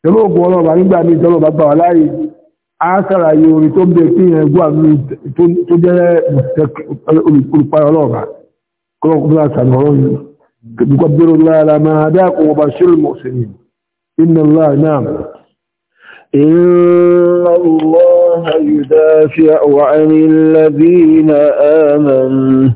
tẹ́lọ́ ògùn ọlọ́ọ̀bà nígbà ní tọ́lọ́ bá gbà wá láàyè á sàlàyé orin tó ń bẹ kí yẹn tó jẹ́ olùpayọ ọlọ́ọ̀bà kọ́lọ́ kó fúnra sàmì الله يدافع عن الذين آمنوا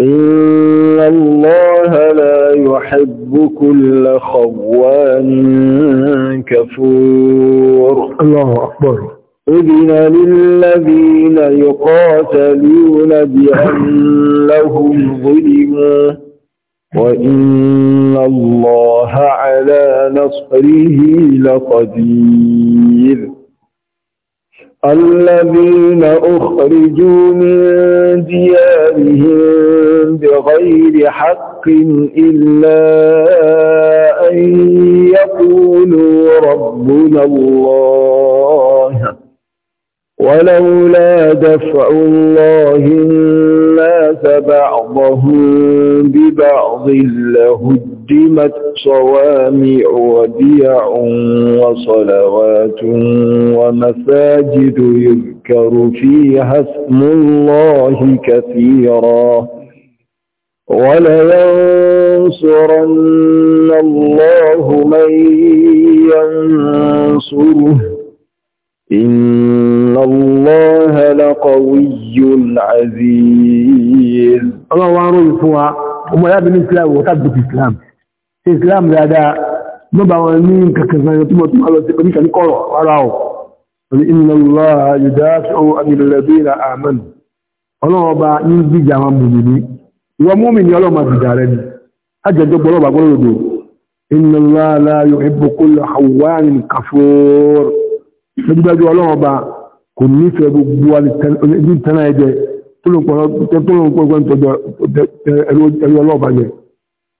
إن الله لا يحب كل خوان كفور الله أكبر أذن للذين يقاتلون بأنهم ظلموا وإن الله على نصره لقدير الذين أخرجوا من ديارهم بغير حق إلا أن يقولوا ربنا الله ولولا دفع الله الناس بعضهم ببعض لهد قدمت صوامع وديع وصلوات ومساجد يذكر فيها اسم الله كثيرا ولينصرن الله من ينصره إن الله لقوي عزيز الله وارو فوا وما يابن الإسلام وتبت الإسلام ṣe islam dáadáa mọ́ bá wọn ní kankan sáré túbọ̀ tó máa lọ sí pẹ̀lú ìkàlí kọ̀rọ̀ ara ọ̀ inna Allah yudafi'u anil ladina amanu ọlọ́wọ́ bá ní gbíjà wọn mùmí ní ìwọ mùmí ní ọlọ́wọ́ máa gbìjà rẹ ni ajẹjọ́ gbọ́lọ́ bá gbọ́lọ́ lòdò inna Allah la yuhibbu kulla hawanin kafur lójúdájú ọlọ́wọ́ bá kò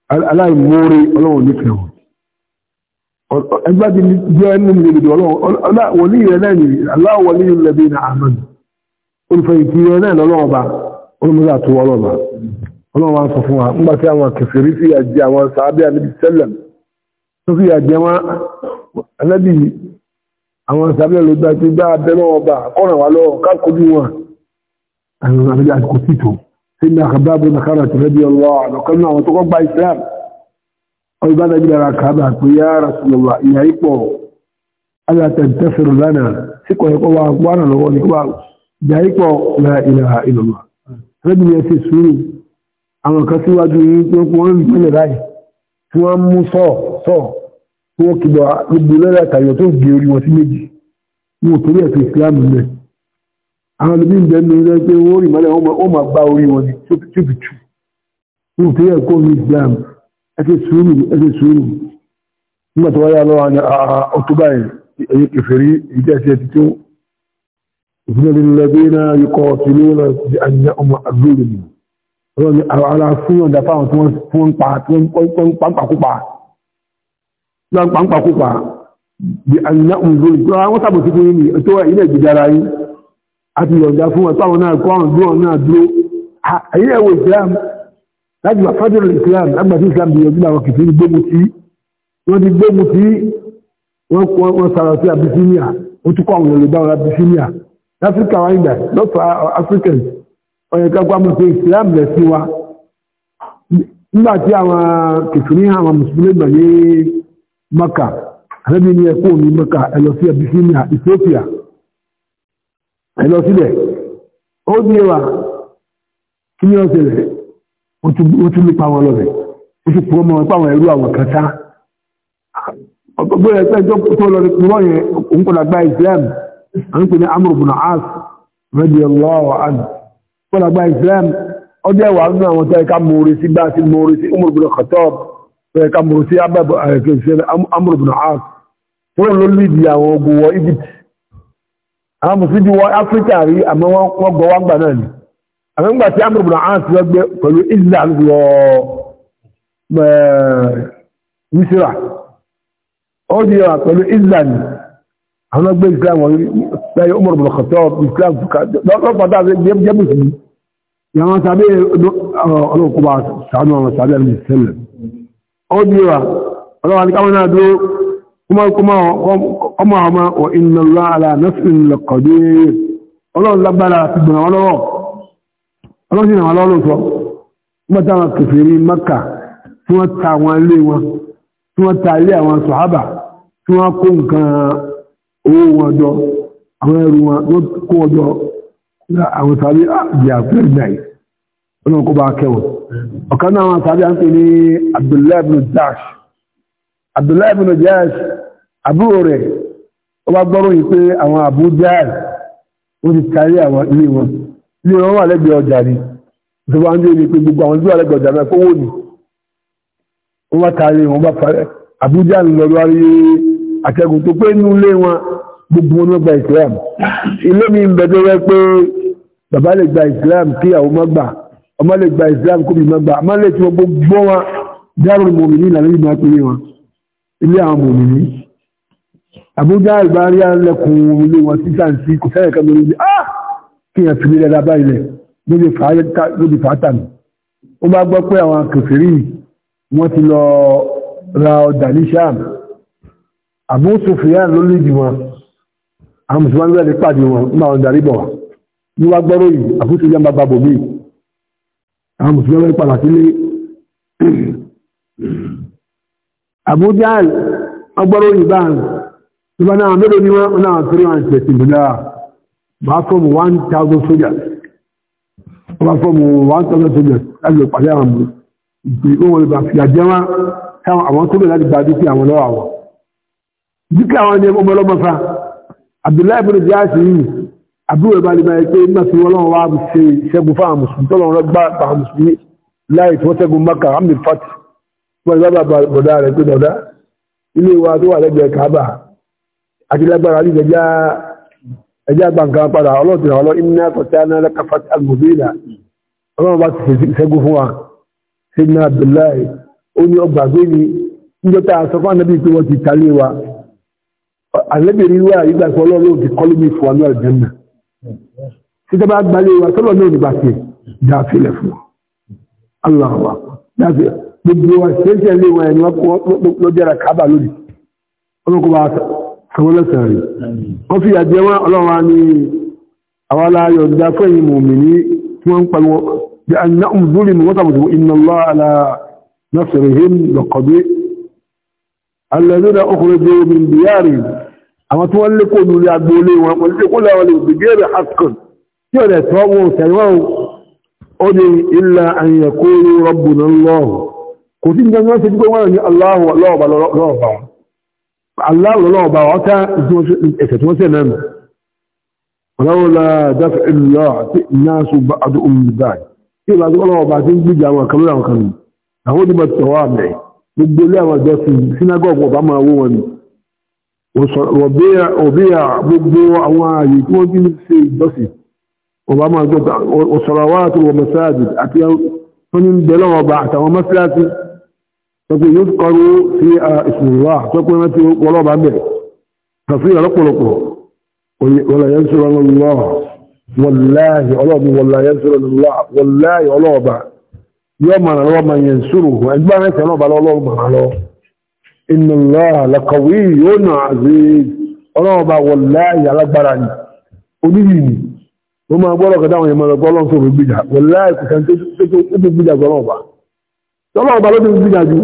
aláìmoore ọlọ́run nífẹ̀ẹ́ wọn ẹgbẹ́ ti jẹ́ ẹnu mi lè ọlọ́run wọlé rẹ̀ náà nìyí aláwọ̀ wọlé lẹ́bí ní àmàlù olùfẹ̀yìntì rẹ̀ náà lọ́lọ́run ba olùmọ́lá tó wọ́ lọ́ba ọlọ́run wa ń sọ fún wa nígbà tí àwọn kẹfìrí sí àjẹ àwọn sàábẹ́ àníbi sẹ́lẹ̀m tó fi àjẹ ló gbà tí gbà abẹ́ lọ́wọ́ ba kọ́ràn lọ́wọ́ ká wọn àwọn àbẹ́jà kò tìtò sínú àkàbábò na kára tó rẹ́bí ọlọ́wà lọ́kàn náà àwọn tó kọ́ gba islam ọ̀rọ̀ bá dájú dára kàábà pé yá rasulullah ìyá ipò alátẹ̀ntẹ́fẹ̀rọ̀ lánàá sí kọ̀ ẹ̀kọ́ wa wánà kan síwájú yìí tó kún wọn nípínlẹ̀ láì tí wọ́n mú sọ̀ sọ̀ tí wọ́n kìbọ̀ gbogbo lọ́rẹ̀ àtàyọ̀ tó gé orí wọn sí méjì wọn ò torí ẹ̀sìn mẹ́rin àwọn olùbí ń bẹ nínú rẹ pé wọ́n rí mọ́lẹ̀ wọ́n máa gba orí wọn ni túbìtù wọ́n tó yẹ kó ní Islam ẹsẹ̀ sùúrù ẹsẹ̀ sùúrù nígbà tó wáyà lọ́wọ́ ni ọtúbà yìí kẹfẹ́rí ìdí ẹsẹ̀ ti tó ìfúnná nínú rẹ pé náà ikọ̀ tí ló lọ sí àyíká ọmọ àgbèrè mi ọlọ́run ni ara fún ọ̀dà fáwọn tí wọ́n fún ń pa tí wọ́n ń pàǹpàkópa bí àyíká ọmọ àgbèrè mi ọtọ́ ilé ìgbèjára yìí àti yọ̀ǹda fún wọn táwọn náà kọ́ àwọn dúró náà dúró ẹ̀yìn ẹ̀wọ̀ islam láti wà fájọ́rọ̀ islam lágbàtí islam bí yọjú àwọn kìfì gbógun tí wọ́n ti gbógun tí wọ́n sàrọ̀ sí abisinia ó tún kọ́ àwọn yorùbá wọn abisinia láfíríkà wa ìgbà lọ́fà africans ọ̀yẹ̀ kápá mọ̀ pé islam lẹ̀ sí wa nígbà tí àwọn kìfì ní àwọn mùsùlùmí gbà maka àrẹ́bí ni ẹ̀kọ́ ní maka ẹ̀lọ́sí abisinia ethiopia ẹ̀lọ síbẹ̀ ó ní ẹwà kí ní ọ̀sẹ̀ rẹ̀ ó tún nípa wọn lọ́rẹ̀ ó sì pọ̀ mọ́ ọ̀pá àwọn ẹrú àwọn kan sá ọgbọ́n rẹ̀ tó lọ ní púrọ̀ yẹn òun gba Islam à ń pè ní Amr ibn As radiyallahu anhu gba Islam ọjọ́ ẹ̀wà nínú àwọn tó ẹ̀ka mòore sí bá sí mòore sí Umar ibn Khattab tó ẹ̀ka sí Amr ibn As lọ àwọn mùsùlùmí ti wọ áfíríkà rí àmọ́ wọ́n gbọ́ wá gbà náà ni àwọn ìgbà tí amúrùbùnà àwọn ti lọ́gbẹ́ pẹ̀lú islam lọ mísírà eh, ó di wà pẹ̀lú islam àwọn ọgbẹ́ islam wọ́n lẹ́yìn umùrùbùnà kọ̀tọ́ islam lọ́pàá jẹ́ mùsùlùmí yàwọn sàbẹ́ ọlọ́kùnrin sàánú àwọn sàbẹ́ àlùmí sẹ́lẹ̀ ó di wà ọlọ́wà ní káwọn náà dúró kuma kuma ọmọ ọmọ wa inna Allah ala nasrin laqadir ọlọ́run lágbára ti gbọ̀nà wọn lọ́wọ́ ọlọ́run jìnà wọn lọ́rùn sọ wọ́n ta wọn kèfèrí Makka tí wọ́n ta wọn ilé wọn tí wọ́n ta ilé àwọn sọ̀hábà tí wọ́n kó nǹkan owó wọn jọ àwọn ẹrù wọn wọ́n kó wọn jọ àwọn sàbí àbíyà fẹ́rẹ̀ náà ọlọ́run kó bá kẹwọn ọ̀kan náà àwọn sàbí à ń pè ní Abdullahi ibn Jash Abdullahi ibn Jash àbúrò rẹ̀ ó bá gbọ́rọ̀ yìí pé àwọn àbújá ẹ̀ ó ti kárí àwọn ilé wọn ilé wọn wà lẹ́gbẹ̀ẹ́ ọjà ni ìjọba ń dé ní pé gbogbo àwọn tí wà ọjà náà kówó ni wọ́n bá kárí wọn bá parẹ́ àbújá ń lọ lórí àtẹ̀gùn tó pé inú ilé wọn gbogbo wọn gba Islam ilé mi ń bẹ tó pé bàbá lè gba Islam kí àwọn ọmọ gbà ọmọ lè gba Islam kó mi má gbà ọmọ lè tí wọn gbogbo wọn dárò mòmìnì ìlànà ìgbà pé wọn ilé àwọn mòmìnì àbújá ìbárí alẹ́kùn ilé wọn títà sí kò fẹ́rẹ̀ kan lórí ah kí yẹn fi lẹ́dà bá ilẹ̀ lóbi fàátà mi ó bá gbọ́ pé àwọn kèfèrí wọ́n ti lọ ra ọjà ní sham Abu Sufyan ló lè jùmọ̀ àwọn mùsùlùmí rẹ̀ pàdé wọn nígbà wọn darí bọ̀ ní wá gbọ́rọ̀ yìí Abu Sufyan bá babò mí àwọn mùsùlùmí rẹ̀ padà sílé Abu Jahl wọ́n báyìí tó bá náà mẹ́lò ní wọ́n náà tó ríwọ̀n ṣẹ̀sìn bùdá máa fọ́mù 1000 soldiers wọ́n bá fọ́mù 1000 soldiers láti lè pàdé àwọn mú ìpè òun ìgbà fìyà jẹ́ wọn táwọn àwọn tó lè láti gba dúkìá àwọn lọ́wọ́ àwọn dúkìá àwọn ni ọmọ ọlọ́mọ fa Abdullahi bin Ziyasi yìí àbúrò ìbá lè máa pé nígbà tí wọ́n lọ́wọ́ wá ṣe ìṣẹ́gun fáwọn mùsùlùmí tó lọ́wọ́ gbá àwọn mùsùlùmí láì tí wọ́n ṣẹ́gun Maka Hamid Fati wọ́n ìbá bàbá bọ̀dá rẹ̀ pé bọ̀dá ilé wa tó wà lẹ́gbẹ̀ẹ́ Kaaba àti lágbára ní ẹjá gbàǹkan padà ọlọ́tìrà ọlọ́ iná fọ̀tíánà lẹ́kàfàtí almobila ọlọ́run bá ti ṣẹ́gun fún wa ṣígbà abdullahi ó ní ọgbà gbé ní níjọta àsọfà nàbí tí wọ́n ti tàlé wa alẹ́bìnrin wà ìgbà tí ọlọ́run ti kọ́lé mi fún wa ní aljanna títẹ́ bá gbalé wa tọ́lọ̀ náà nígbà àwọn lẹ́sàn rẹ̀ wọ́n fi àjẹ́ wọn ọlọ́run á ní àwọn aláyọ̀ ìdá fẹ́yìn mòmìnì tí wọ́n ń pariwo bí a ná ń zúrì mú wọ́tà mọ̀tò iná lọ àlà nọ́sẹ̀rẹ̀ wọ́n lékò ní ilé agboolé wọn wọ́n lékò aláàlọ́lọ́ ọba ọ̀tá ẹ̀sẹ̀ tí wọ́n sẹ̀ mẹ́rin ọ̀lọ́wọ́lá dáfẹ́ ìlúlọ́ àti náàṣù bá adó olùdá tí ìbá tó ọlọ́wọ́ bá ti ń gbíjà àwọn kan lórí kan àwọn onímọ̀ ti tọ̀wọ́ àmẹ́ gbogbo ilé àwọn ọjọ́ sí sínágọ́ọ̀gù ọba máa wó wọn ni òbíyà gbogbo àwọn tọ́pẹ́ yóò kọrú sí ìsìnlá tọ́pẹ́ wọn ti wọlọ́ba ń bẹ̀ tàfí ọ̀rọ̀pọ̀lọpọ̀ wọ̀làyẹ́ sọ̀rọ̀ lọ́wọ́ wọ̀láyẹ́ ọlọ́ọ̀bù wọ̀láyẹ́ sọ̀rọ̀ lọ́wọ́ wọ̀láyẹ́ ọlọ́ọ̀bà yóò mọ̀nà lọ́wọ́ ma yẹn sùrù ẹgbẹ́ àwọn ẹ̀sẹ̀ ọlọ́ọ̀bà lọ́wọ́ mọ̀nà lọ ìnàlá làkàwé yóò nà àzí ọlọ́ọ̀bà wọ̀láyẹ́ alágbára ni oníyì ni wọ́n máa gbọ́dọ̀ kọ́dá àwọn ẹ̀mọ́ tọ́lá ọba ló ti ń gbìyànjú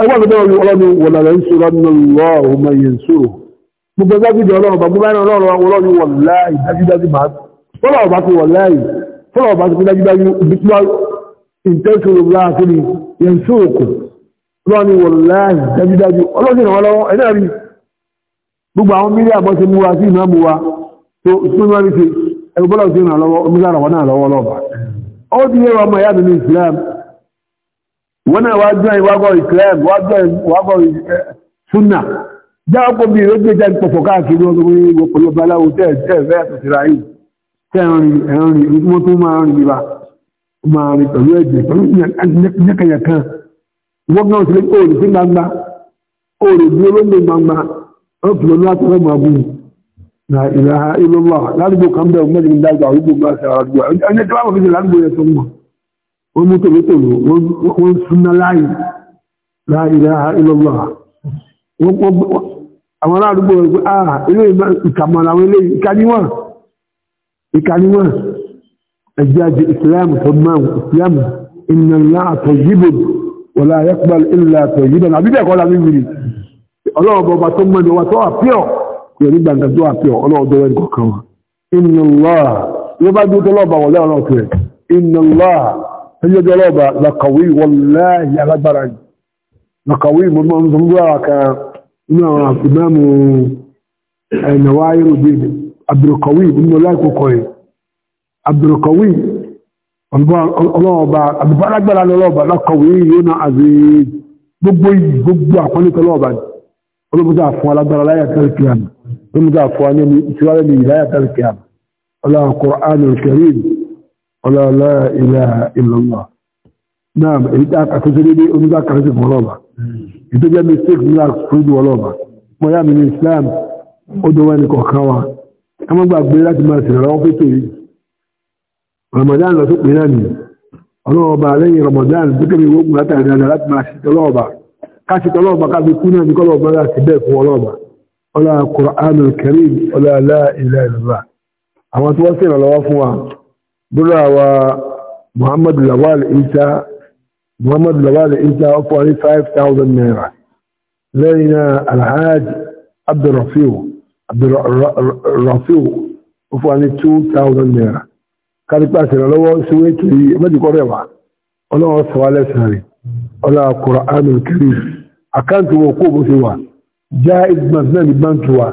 ẹgbẹ́ mi tọ́lá ọlọ́ni wọ̀làlẹ̀ ń sọ̀rọ̀ nínú ọ̀hún ọmọ yẹn sọ̀rọ̀ gbogbo ẹgbẹ́ gbìyànjú ọlọ́run ọba gbogbo ẹni ọlọ́run ọlọ́ni wọ̀láì dájúdájú máa tọ́lá ọba ti wọ̀láì tọ́lá ọba ti fi dájúdájú ìbítíwá ìtẹ́sọ̀rọ̀ láàfin yẹn sọ̀rọ̀kù ọlọ́ni wọ̀láì dájúdájú ọlọ́sìn ìrànwọ́ lọ́wọ́ ẹ̀ náà rí gbogbo àwọn mílíọ̀ àbọ̀ ṣe mú wa sí ìmọ̀ mú wa tó súnmọ́ ní ṣe ẹgbẹ́ bọ́lá ọ̀sìn ìrànlọ́wọ́ omi lára wọn náà lọ́wọ́ lọ́ba ó ti yẹ wa ọmọ ìyá mi ní ìsìlámù wọ́n náà wá jọ ìwágọ́ ìkìlẹ́ẹ̀gù wá jọ ìwágọ́ súnà jáwọ́pọ̀ bí ìwé gbé jẹ́ ìpọ̀fọ̀ káàkiri ọgbọ̀n pẹ̀lú baláwo tẹ́ ẹ̀fẹ́ àtàtìrà yìí tẹ́rin ẹ̀rin ìgbìmọ̀ tó máa rìn níbà máa rìn pẹ̀lú ẹ̀jẹ̀ pẹ̀lú nẹ́kẹ̀yẹ̀kan wọ́gbọ́n sí òòrùn sí gbangba òòrùn bí olóńgbò gbangba ó kìlọ̀ ní àtọ́rọ̀ máa bù na ìlà ìlọ́wà ládùúgbò kan bẹ̀rù mẹ́rin dágbà àrùgbò gbà sí àrùgbò ẹni tí wọ́n fi wọ́n mú tòlótòló wọ́n súnná láì la ilaha illallah àwọn aládùúgbò ẹgbẹ́ àà ah, ilé ìkàmọ̀lá àwọn ilé ìkàníwọ̀n ìkàníwọ̀n ẹjẹ́ àjẹ́ ìsìláàmù tó máa ìsìláàmù inna Allaha tayyibun wa la yaqbal illa tayyiban àbíbẹ̀ kọ́ lábí wìrì ọlọ́ọ̀bọ̀ bá tó mọ́ ni wà tó àpíọ̀ kò ní gbàǹgà tó àpíọ̀ ọlọ́ọ̀dọ́ ẹjọ́ jọ lọ́ba lakọ̀wé wọláhì alágbára yìí lakọ̀wé mọ́mọ́ mọ́mọ́ kan inú àwọn ìmáàmù ẹ̀nàwá ayélujáde abdulkọ̀wé nínú ọláìkọ̀kọ̀ yìí abdulkọ̀wé ọlọ́ọ̀ba alágbára lọ́ọ̀ba lakọ̀wé yóò náà àzèé gbogbo yìí gbogbo àpọ́nlẹ́tọ̀ lọ́ọ̀ba ni olóòmùdá fún alágbára láyà tẹ́lẹ̀kì àmì olóòmùdá fún alágbára láyà tẹ́lẹ̀kì àmì ọlọ́ọ̀kọ̀ ولا لا إله إلا الله نعم إذا أكتشرني أنه أكتشف ولوبا إذا جاء مستيق من أكتشف ولوبا ما يعمل الإسلام أدواني كوكاوا أما بأقبلات ما سنراه في توري رمضان لا تؤمناني أنا بعلي رمضان ذكر يوم لا تعلم لا ما شئت لوبا كاشت لوبا قد يكون أن لوبا لا سبيك ولوبا ولا القرآن الكريم ولا لا إله إلا الله أما توصل لوافوا burawa muhammadu lawal isa muhammadu lawal isa ọkọ̀ ní 5,000 naira lẹ́yìn alhaji abdurrafiu abdurrafiu ọkọ̀ ní 2,000 naira kárípà sẹ̀rọ̀lọ́wọ́ síwé tó yí mẹ́jìkọ́ rẹ̀ wá ọlọ́wọ́ sọ̀wálẹ̀ sàárì ọlá kùránù kiri àkáǹtì wọ kó bó ṣe wà já ìgbà náà ní báńkì wa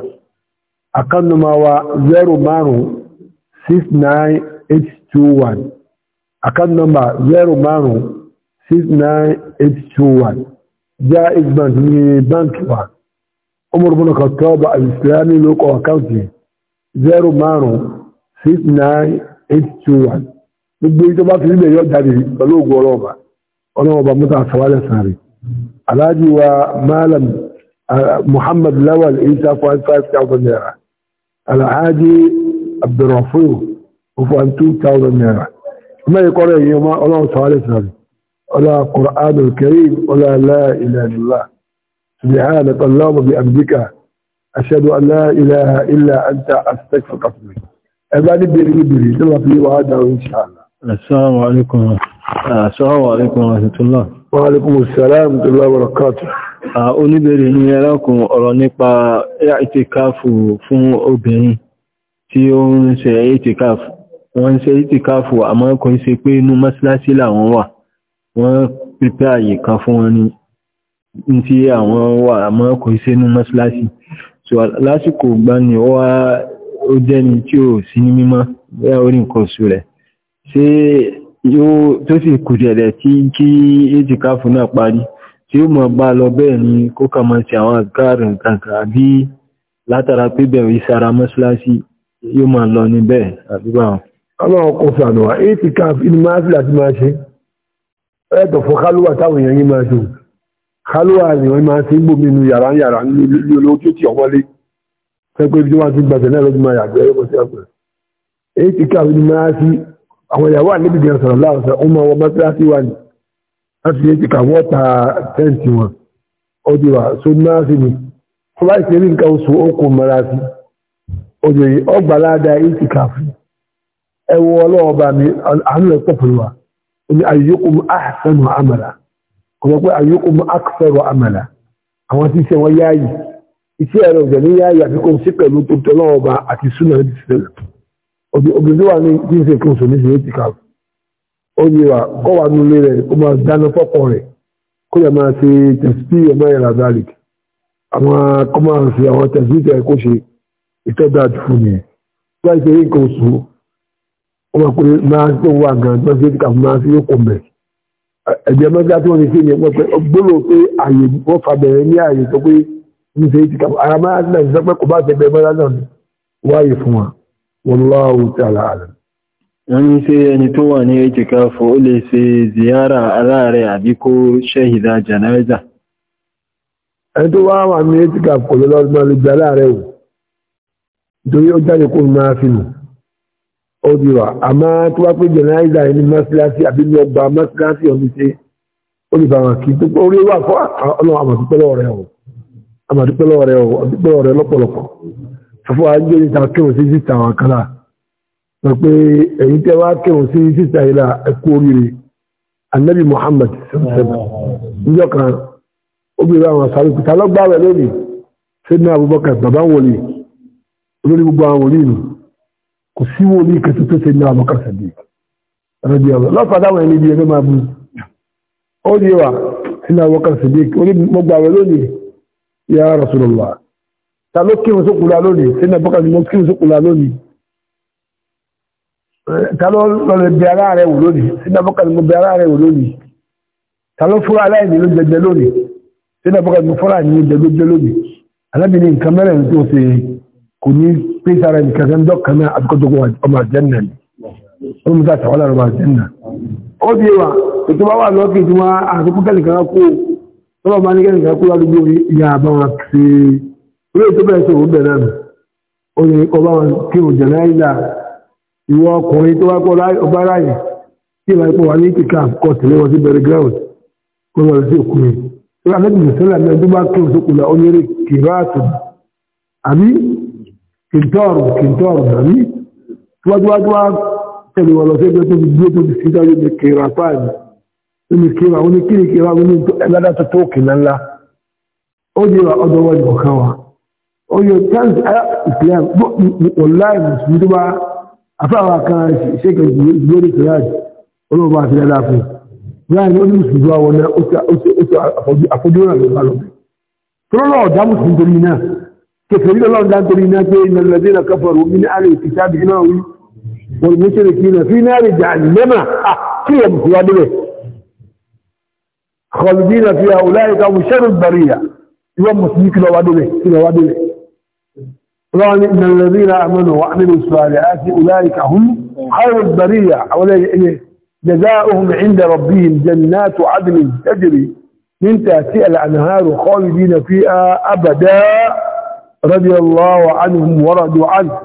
àkáǹtì máa wa 0 5 6 9 8 691 account number 05 69821 Jaiz Bank ní báńkì wa Umar bin Khattab al-Islami ló kọ àkáǹtì 05 69821 gbogbo ìjọba fi níbẹ̀ yọ jáde pẹ̀lú ògùn ọlọ́ọ̀bà ọlọ́ọ̀bà mọ́ta àsàwálẹ̀ sáré aláàjì wa malam uh, Muhammad Lawal isa 5,000 naira alhaji Abdurrafu over two thousand naira mẹ́rin kọ́rọ̀ èyí ọmọ ọlọ́run sọ́wọ́lẹ̀ sọ́rọ̀ ọlá Qur'an al-Karim ọlá la ilaha illallah subhanaka allahumma bi abdika ashhadu an la ilaha illa anta astaghfiruka ẹgbẹ́ ní bèrè ní bèrè tó wà fi wà á dáhùn insha Allah. assalamu alaikum assalamu alaikum rahmatullah. wa oníbèrè ní ẹlẹ́kùn ọ̀rọ̀ nípa ìtìkáfù fún obìnrin tí ó ń ṣe ìtìkáfù wọ́n ń ṣe ìtìkáfù àmọ́ kò ń ṣe pé inú mọ́síláṣí làwọn wà wọ́n pípẹ́ àyè kan fún wọn ní tí àwọn wà àmọ́ kò ń ṣe inú mọ́síláṣí so lásìkò gbani wá ó jẹ́ni tí ò sí ní mímọ́ bẹ́ẹ̀ orí nǹkan oṣù rẹ̀ ṣé yóò tó sì kù jẹ̀rẹ̀ tí kí ìtìkáfù náà parí tí ó mọ̀ bá lọ bẹ́ẹ̀ ni kó kà mọ́ sí àwọn àgbáàrùn kankan àbí látara pé bẹ̀rẹ̀ ìsara mọ́síláṣí yóò máa lọ ní bẹ́ẹ̀ àbí báwọn ọlọ́run kò sànù wa eighty calf inú máa fi láti máa ṣe ẹ̀ẹ́dọ̀ fún kálúwà táwọn èèyàn yìí máa ṣe kálúwà ni wọ́n máa ṣe ń gbòmí inú yàrá yàrá ní olówó tí ó ti ọ̀wọ́lé pẹ́pẹ́ bí wọ́n ti gbàtẹ̀ náà lọ́dún máa yàgbẹ́ ẹ̀rọ sí ọ̀pẹ́ eighty calf inú máa fi àwọn ìyàwó àníbi gan sọ̀rọ̀ láwùsọ ó máa wọ mọ́tíráṣí wà ní láti eighty calf wọ́n ta tẹ́ǹtì wọn ó di wà so máa fi ni wọ́n bá ṣe rí nǹkan oṣù ó kò mọ́ra sí ọgbàládà eighty calf ni ẹwọ ọlọ́ọ̀bá mi àánú ẹ̀ pọ̀pọ̀lọ́wà ní ayyukum ahsanu amala kò sọ pé ayyukum aktharu amala àwọn tí iṣẹ́ wọn yáàyì iṣẹ́ ẹ̀rọ ọ̀jẹ̀ ní yáàyì àfikún sí pẹ̀lú tó tọ́lọ́ọ̀bá àti súnà ní ìṣẹ̀lẹ̀ obìnrin wà ní tí ń ṣe kí n sọ ní ìṣẹ̀lẹ̀ ti kà ó ní wa kọ́ wa nu ilé rẹ̀ kó máa dáná fọ́pọ̀ àti fún mi. wọ́n ti ṣe nǹkan wọ́n pé máa tó wà gan tó ṣe kà máa fi kò mẹ́ ẹ̀jẹ̀ mẹ́ta tí wọ́n ti ṣe yẹn wọ́n pé gbólóò pé àyè wọ́n fa bẹ̀rẹ̀ ní àyè tó pé ní ṣe ti kà ara máa ti náà sọ pé kò bá ṣe bẹ̀rẹ̀ mọ́ra náà wáyé fún wa wallahu ta'ala alam. wọ́n ní ṣe ẹni tó wà ní ẹ̀jìkáfù ó lè ṣe ziyara aláàrẹ̀ àbí kó ṣẹ́hìdá jànáẹ́zà. ẹni tó wá wà ní ẹ̀jìkáfù lọ́lọ́ ọdíwà àmá tó wá pé jẹ̀nàíza ẹni mọ́síláṣí àbí ní ọgbà mọ́síláṣí ọdún ṣe ó lè bàwọn kí tó orí wà fún ọlọ́run àmàdúpẹ́lọ́ rẹ̀ ọ̀ àmàdúpẹ́lọ́ rẹ̀ ọ̀ àdúpẹ́lọ́ rẹ̀ lọ́pọ̀lọpọ̀ fọ́fọ́ ajé níta kírun sí síta àwọn kálá sọ pé ẹ̀yin tẹ́ wá kírun sí síta yìí la ẹ kú oríire anabi muhammad sẹ́mùsẹ́mù níjọ́ kan obìnrin àwọn sáré kùtà lọ́gbà rẹ̀ lónìí sẹ́dínà abubakar bàbá wòlíì olórí gbogbo àwọn wòlíì kò sí wo ní kẹtù tó ṣe ní Abubakar Sadiq rẹ̀bí ọ̀rọ̀ lọ́pàá àwọn ẹni bí ẹni máa bú ó ní wà sínú Abubakar Sadiq orí mọ́gbà rẹ̀ lónìí ya Rasulullah ta ló kí wọn sókùnlá lónìí sínú Abubakar ni mo kí wọn sókùnlá lónìí ta ló bí ara rẹ̀ wò lónìí sínú Abubakar ni mo bí ara rẹ̀ wò lónìí ta fúra aláìní ló jẹjẹ lónìí sínú Abubakar ni mo fúra ní jẹjẹ lónìí alábìnrin nǹkan tó ṣe kò ní pèsè ara nìkan kan dọ́kà náà àbíkọ́jọ́gbọ́ ọmọ àjẹ́nà ni wọ́n mú sáà wọ́n lára ọmọ àjẹ́nà ó di wa ètò bá wà lọ́kì tí wọ́n àtúkú kẹ́lìkan kó tọ́lọ́ máa ní kẹ́lìkan kó ládùúgbò ìyá àbá wọn ṣe orí ètò bẹ́ẹ̀ sọ̀rọ̀ bẹ̀rẹ̀ nù ó ní ọba wọn kí wọn jẹ̀ náà ìlà ìwọ ọkùnrin tó wá pọ̀ ọba ráyè tí ìwà ipò wà ní kíkà kọ̀ tẹ̀lé wọn sí kìntọ́ọ̀rù kìntọ́ọ̀rù nàní wájúwájú wá tẹ̀lé wọn lọ sí ẹgbẹ́ tó fi gbé tó fi sí dájú ní kéra fáàlì nínú kéra wọn ní kiri kéra wọn ní ẹlẹ́dá tó tó kìnnà ńlá ó yẹ wa ọdọ wọn nìkan kan wa ó yẹ chance ẹ islam online mùsùlùmí tó bá afáwa kan ṣe kan lórí kìláàdì olóòwò bá fi lẹ́la fún yáà ní ó ní mùsùlùmí wa wọn náà ó ti àfọjú náà ló bá lọ. tó lọ́wọ́ ọ̀dà mùsùlùmí tó ní náà كثير الله عن دارينا إن الذين كفروا من أهل الكتاب إناوي والمشركين في نار جهنم آه، فيهم خالدين خالدين في أولئك هم شر البرية يوم في لوادله لوادله قال إن الذين آمنوا وعملوا الصالحات أولئك هم خير البرية أولئك إيه؟ جزاؤهم عند ربهم جنات عدن تجري من تأتي الأنهار خالدين فيها أبداً رضي الله عنهم ورضوا عنه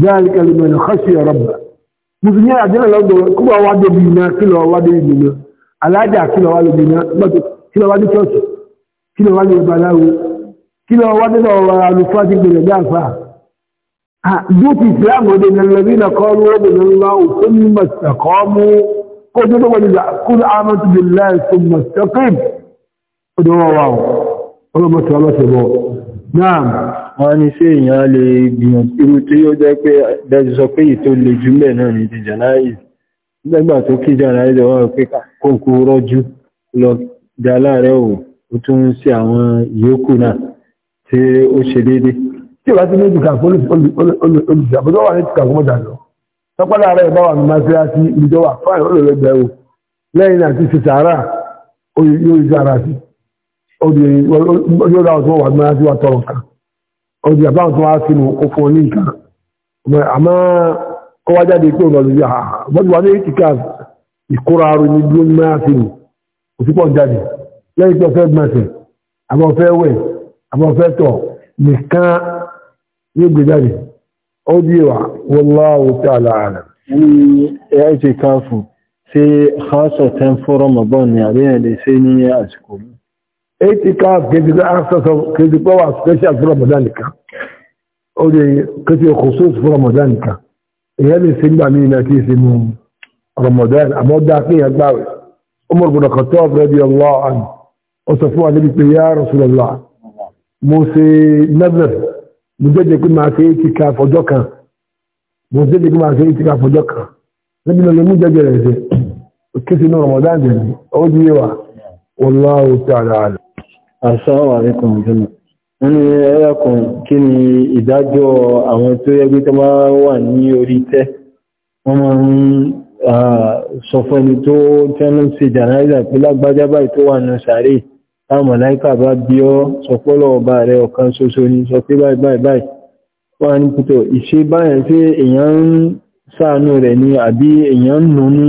ذلك لمن خشي ربه مسلمين عندنا لو كما وعد بينا كلا وعد بينا alájà kí lọ wá lóbi iná gbọ́tò kí lọ wá ní ṣọ́ọ̀ṣì kí lọ wá ní ìbàláwo kí lọ wá nínú ọ̀rọ̀ àlùfáà ti gbèrè ní àfà dúkì islam ọdẹ nàlẹ́bí nà kọ́ ló wọ́n nà lọ òfin ní mọ̀sàkọ́ mú kó tó tó wọ́n nígbà kó ló àmọ́ ti bìlá ẹ̀sùn mọ̀sàkìm ọdún wọn wà ó ọlọ́mọ̀sọ̀ ọlọ́sẹ̀ bọ̀ náà wọ́n ni sí èèyàn lè gbìyànjú irú tí ó jẹ́ pé dájú sọ pé ìtò lè jù mẹ́ náà ní ti jànáìsì lẹ́gbà tó kí jànáìsì wọ́n pé kókó rọ́jú lọ dá láàrẹ́ ò ó tún ń sí àwọn ìyókù náà tí ó ṣe déédéé tí ìwà tí ní ìdìkà olùdìjàbọ̀ tó wà ní ìdìkà kó mọ́jà lọ wà ní maserati ọdún ọdún ọdún wà máa sí wà tọrọ nǹkan ọdún àbá àwọn tó wá sínú okun ní nǹkan àmọ́ kọ́ wá jáde pé ọ̀nà lórí àbọ́dún wà ní ìtìká ìkóra arú ní dúró ní máa sínú òsípọ̀ jáde lẹ́yìn tó fẹ́ gbọ̀nsẹ̀ àbọ̀ fẹ́ wẹ̀ àbọ̀ fẹ́ tọ̀ nìkan ní gbé jáde ọdún ìwà wallahu ta'ala alam. ní ẹ̀ ṣe káfù ṣe xaṣọ̀ tẹ́ fọ́rọ̀ mọ̀bọ́n ni àríyànjẹ́ ṣe ní àsìkò mi itikaf kejì pé ancestor kejì pé wà special fún Ramadan nìkan ó lè kejì khusus fún Ramadan nìkan èyàn lè ṣe gbà míì náà kí ṣe mú Ramadan àmọ́ dá pé èyàn gbà rẹ̀ Umar bin Khattab radiyallahu anhu ó sọ fún wa níbi pé ya Rasulullah mo ṣe nazar mo jẹ́jẹ́ pé máa ṣe itikaf fọjọ́ kan mo jẹ́jẹ́ pé máa ṣe itikaf fọjọ́ kan níbi lọ́lẹ́ mú jẹ́jẹ́ rẹ̀ ṣe kí ṣe ní Ramadan jẹ̀bi ó Assalamu alaikum jùlọ. Wọ́n ní ẹlẹ́kùn kí ni ìdájọ́ àwọn tó yẹ tó bá wà ní orí tẹ́. Wọ́n máa ń sọ fún ẹni tó tẹ́lú sí jànáìzà pé lágbájá báyìí tó wà ní sàárè. Táwọn màláìkà bá bí ọ́ sọpọ́lọ̀ ọba rẹ̀ ọ̀kan ṣoṣo ni sọ pé báyìí báyìí báyìí. Wọ́n ní pùtọ̀ ìṣe báyìí tí èèyàn ń ṣàánú rẹ̀ ni àbí èèyàn ń nù ní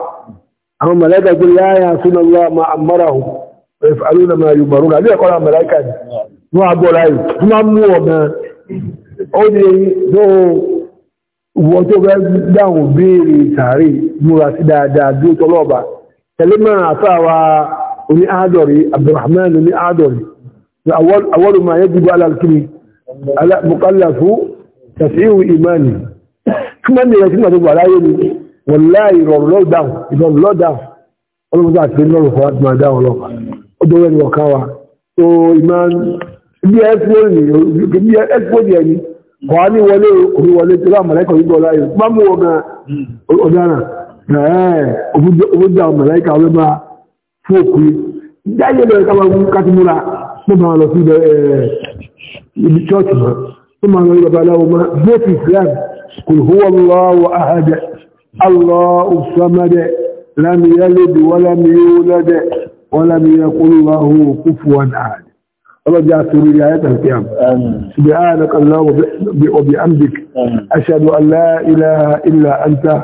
àwọn mọ̀lẹ́kà pé láyà súnà lọ́wọ́ ma àmọ́ràhùn alóòlà máa yóò mọ̀rún àbí ẹ̀kọ́ àwọn mọ̀lẹ́kà ní wọ́n àbọ̀ láyé tó máa mú ọ̀nà ó ní tó wọ́n tó fẹ́ dáhùn béèrè sàárè múra sí dáadáa bí ó tọ́lọ́ọ̀bà tẹ̀lé mẹ́rin àfáàwà oní àádọ́rì Abdulrahman oní àádọ́rì àwọn ọmọ ayé dìbò alákiri mọ̀kálà fún tẹ̀síwì ìmáàni wọ́n láì ìrọ̀rùn lọ́dáhùn ìrọ̀rùn lọ́dáhùn ọlọ́run bá ti lọ́rùn fún àti máa ní wọlé láyé má mú fún dáyé lọ mú kátìmúra tó máa lọ sí ibi الله الصمد لم يلد ولم يولد ولم يقل له كفوا احد رجع سوري آيات القيامة سبحانك الله وبأمدك أشهد أن لا إله إلا أنت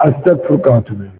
أستغفرك وأتوب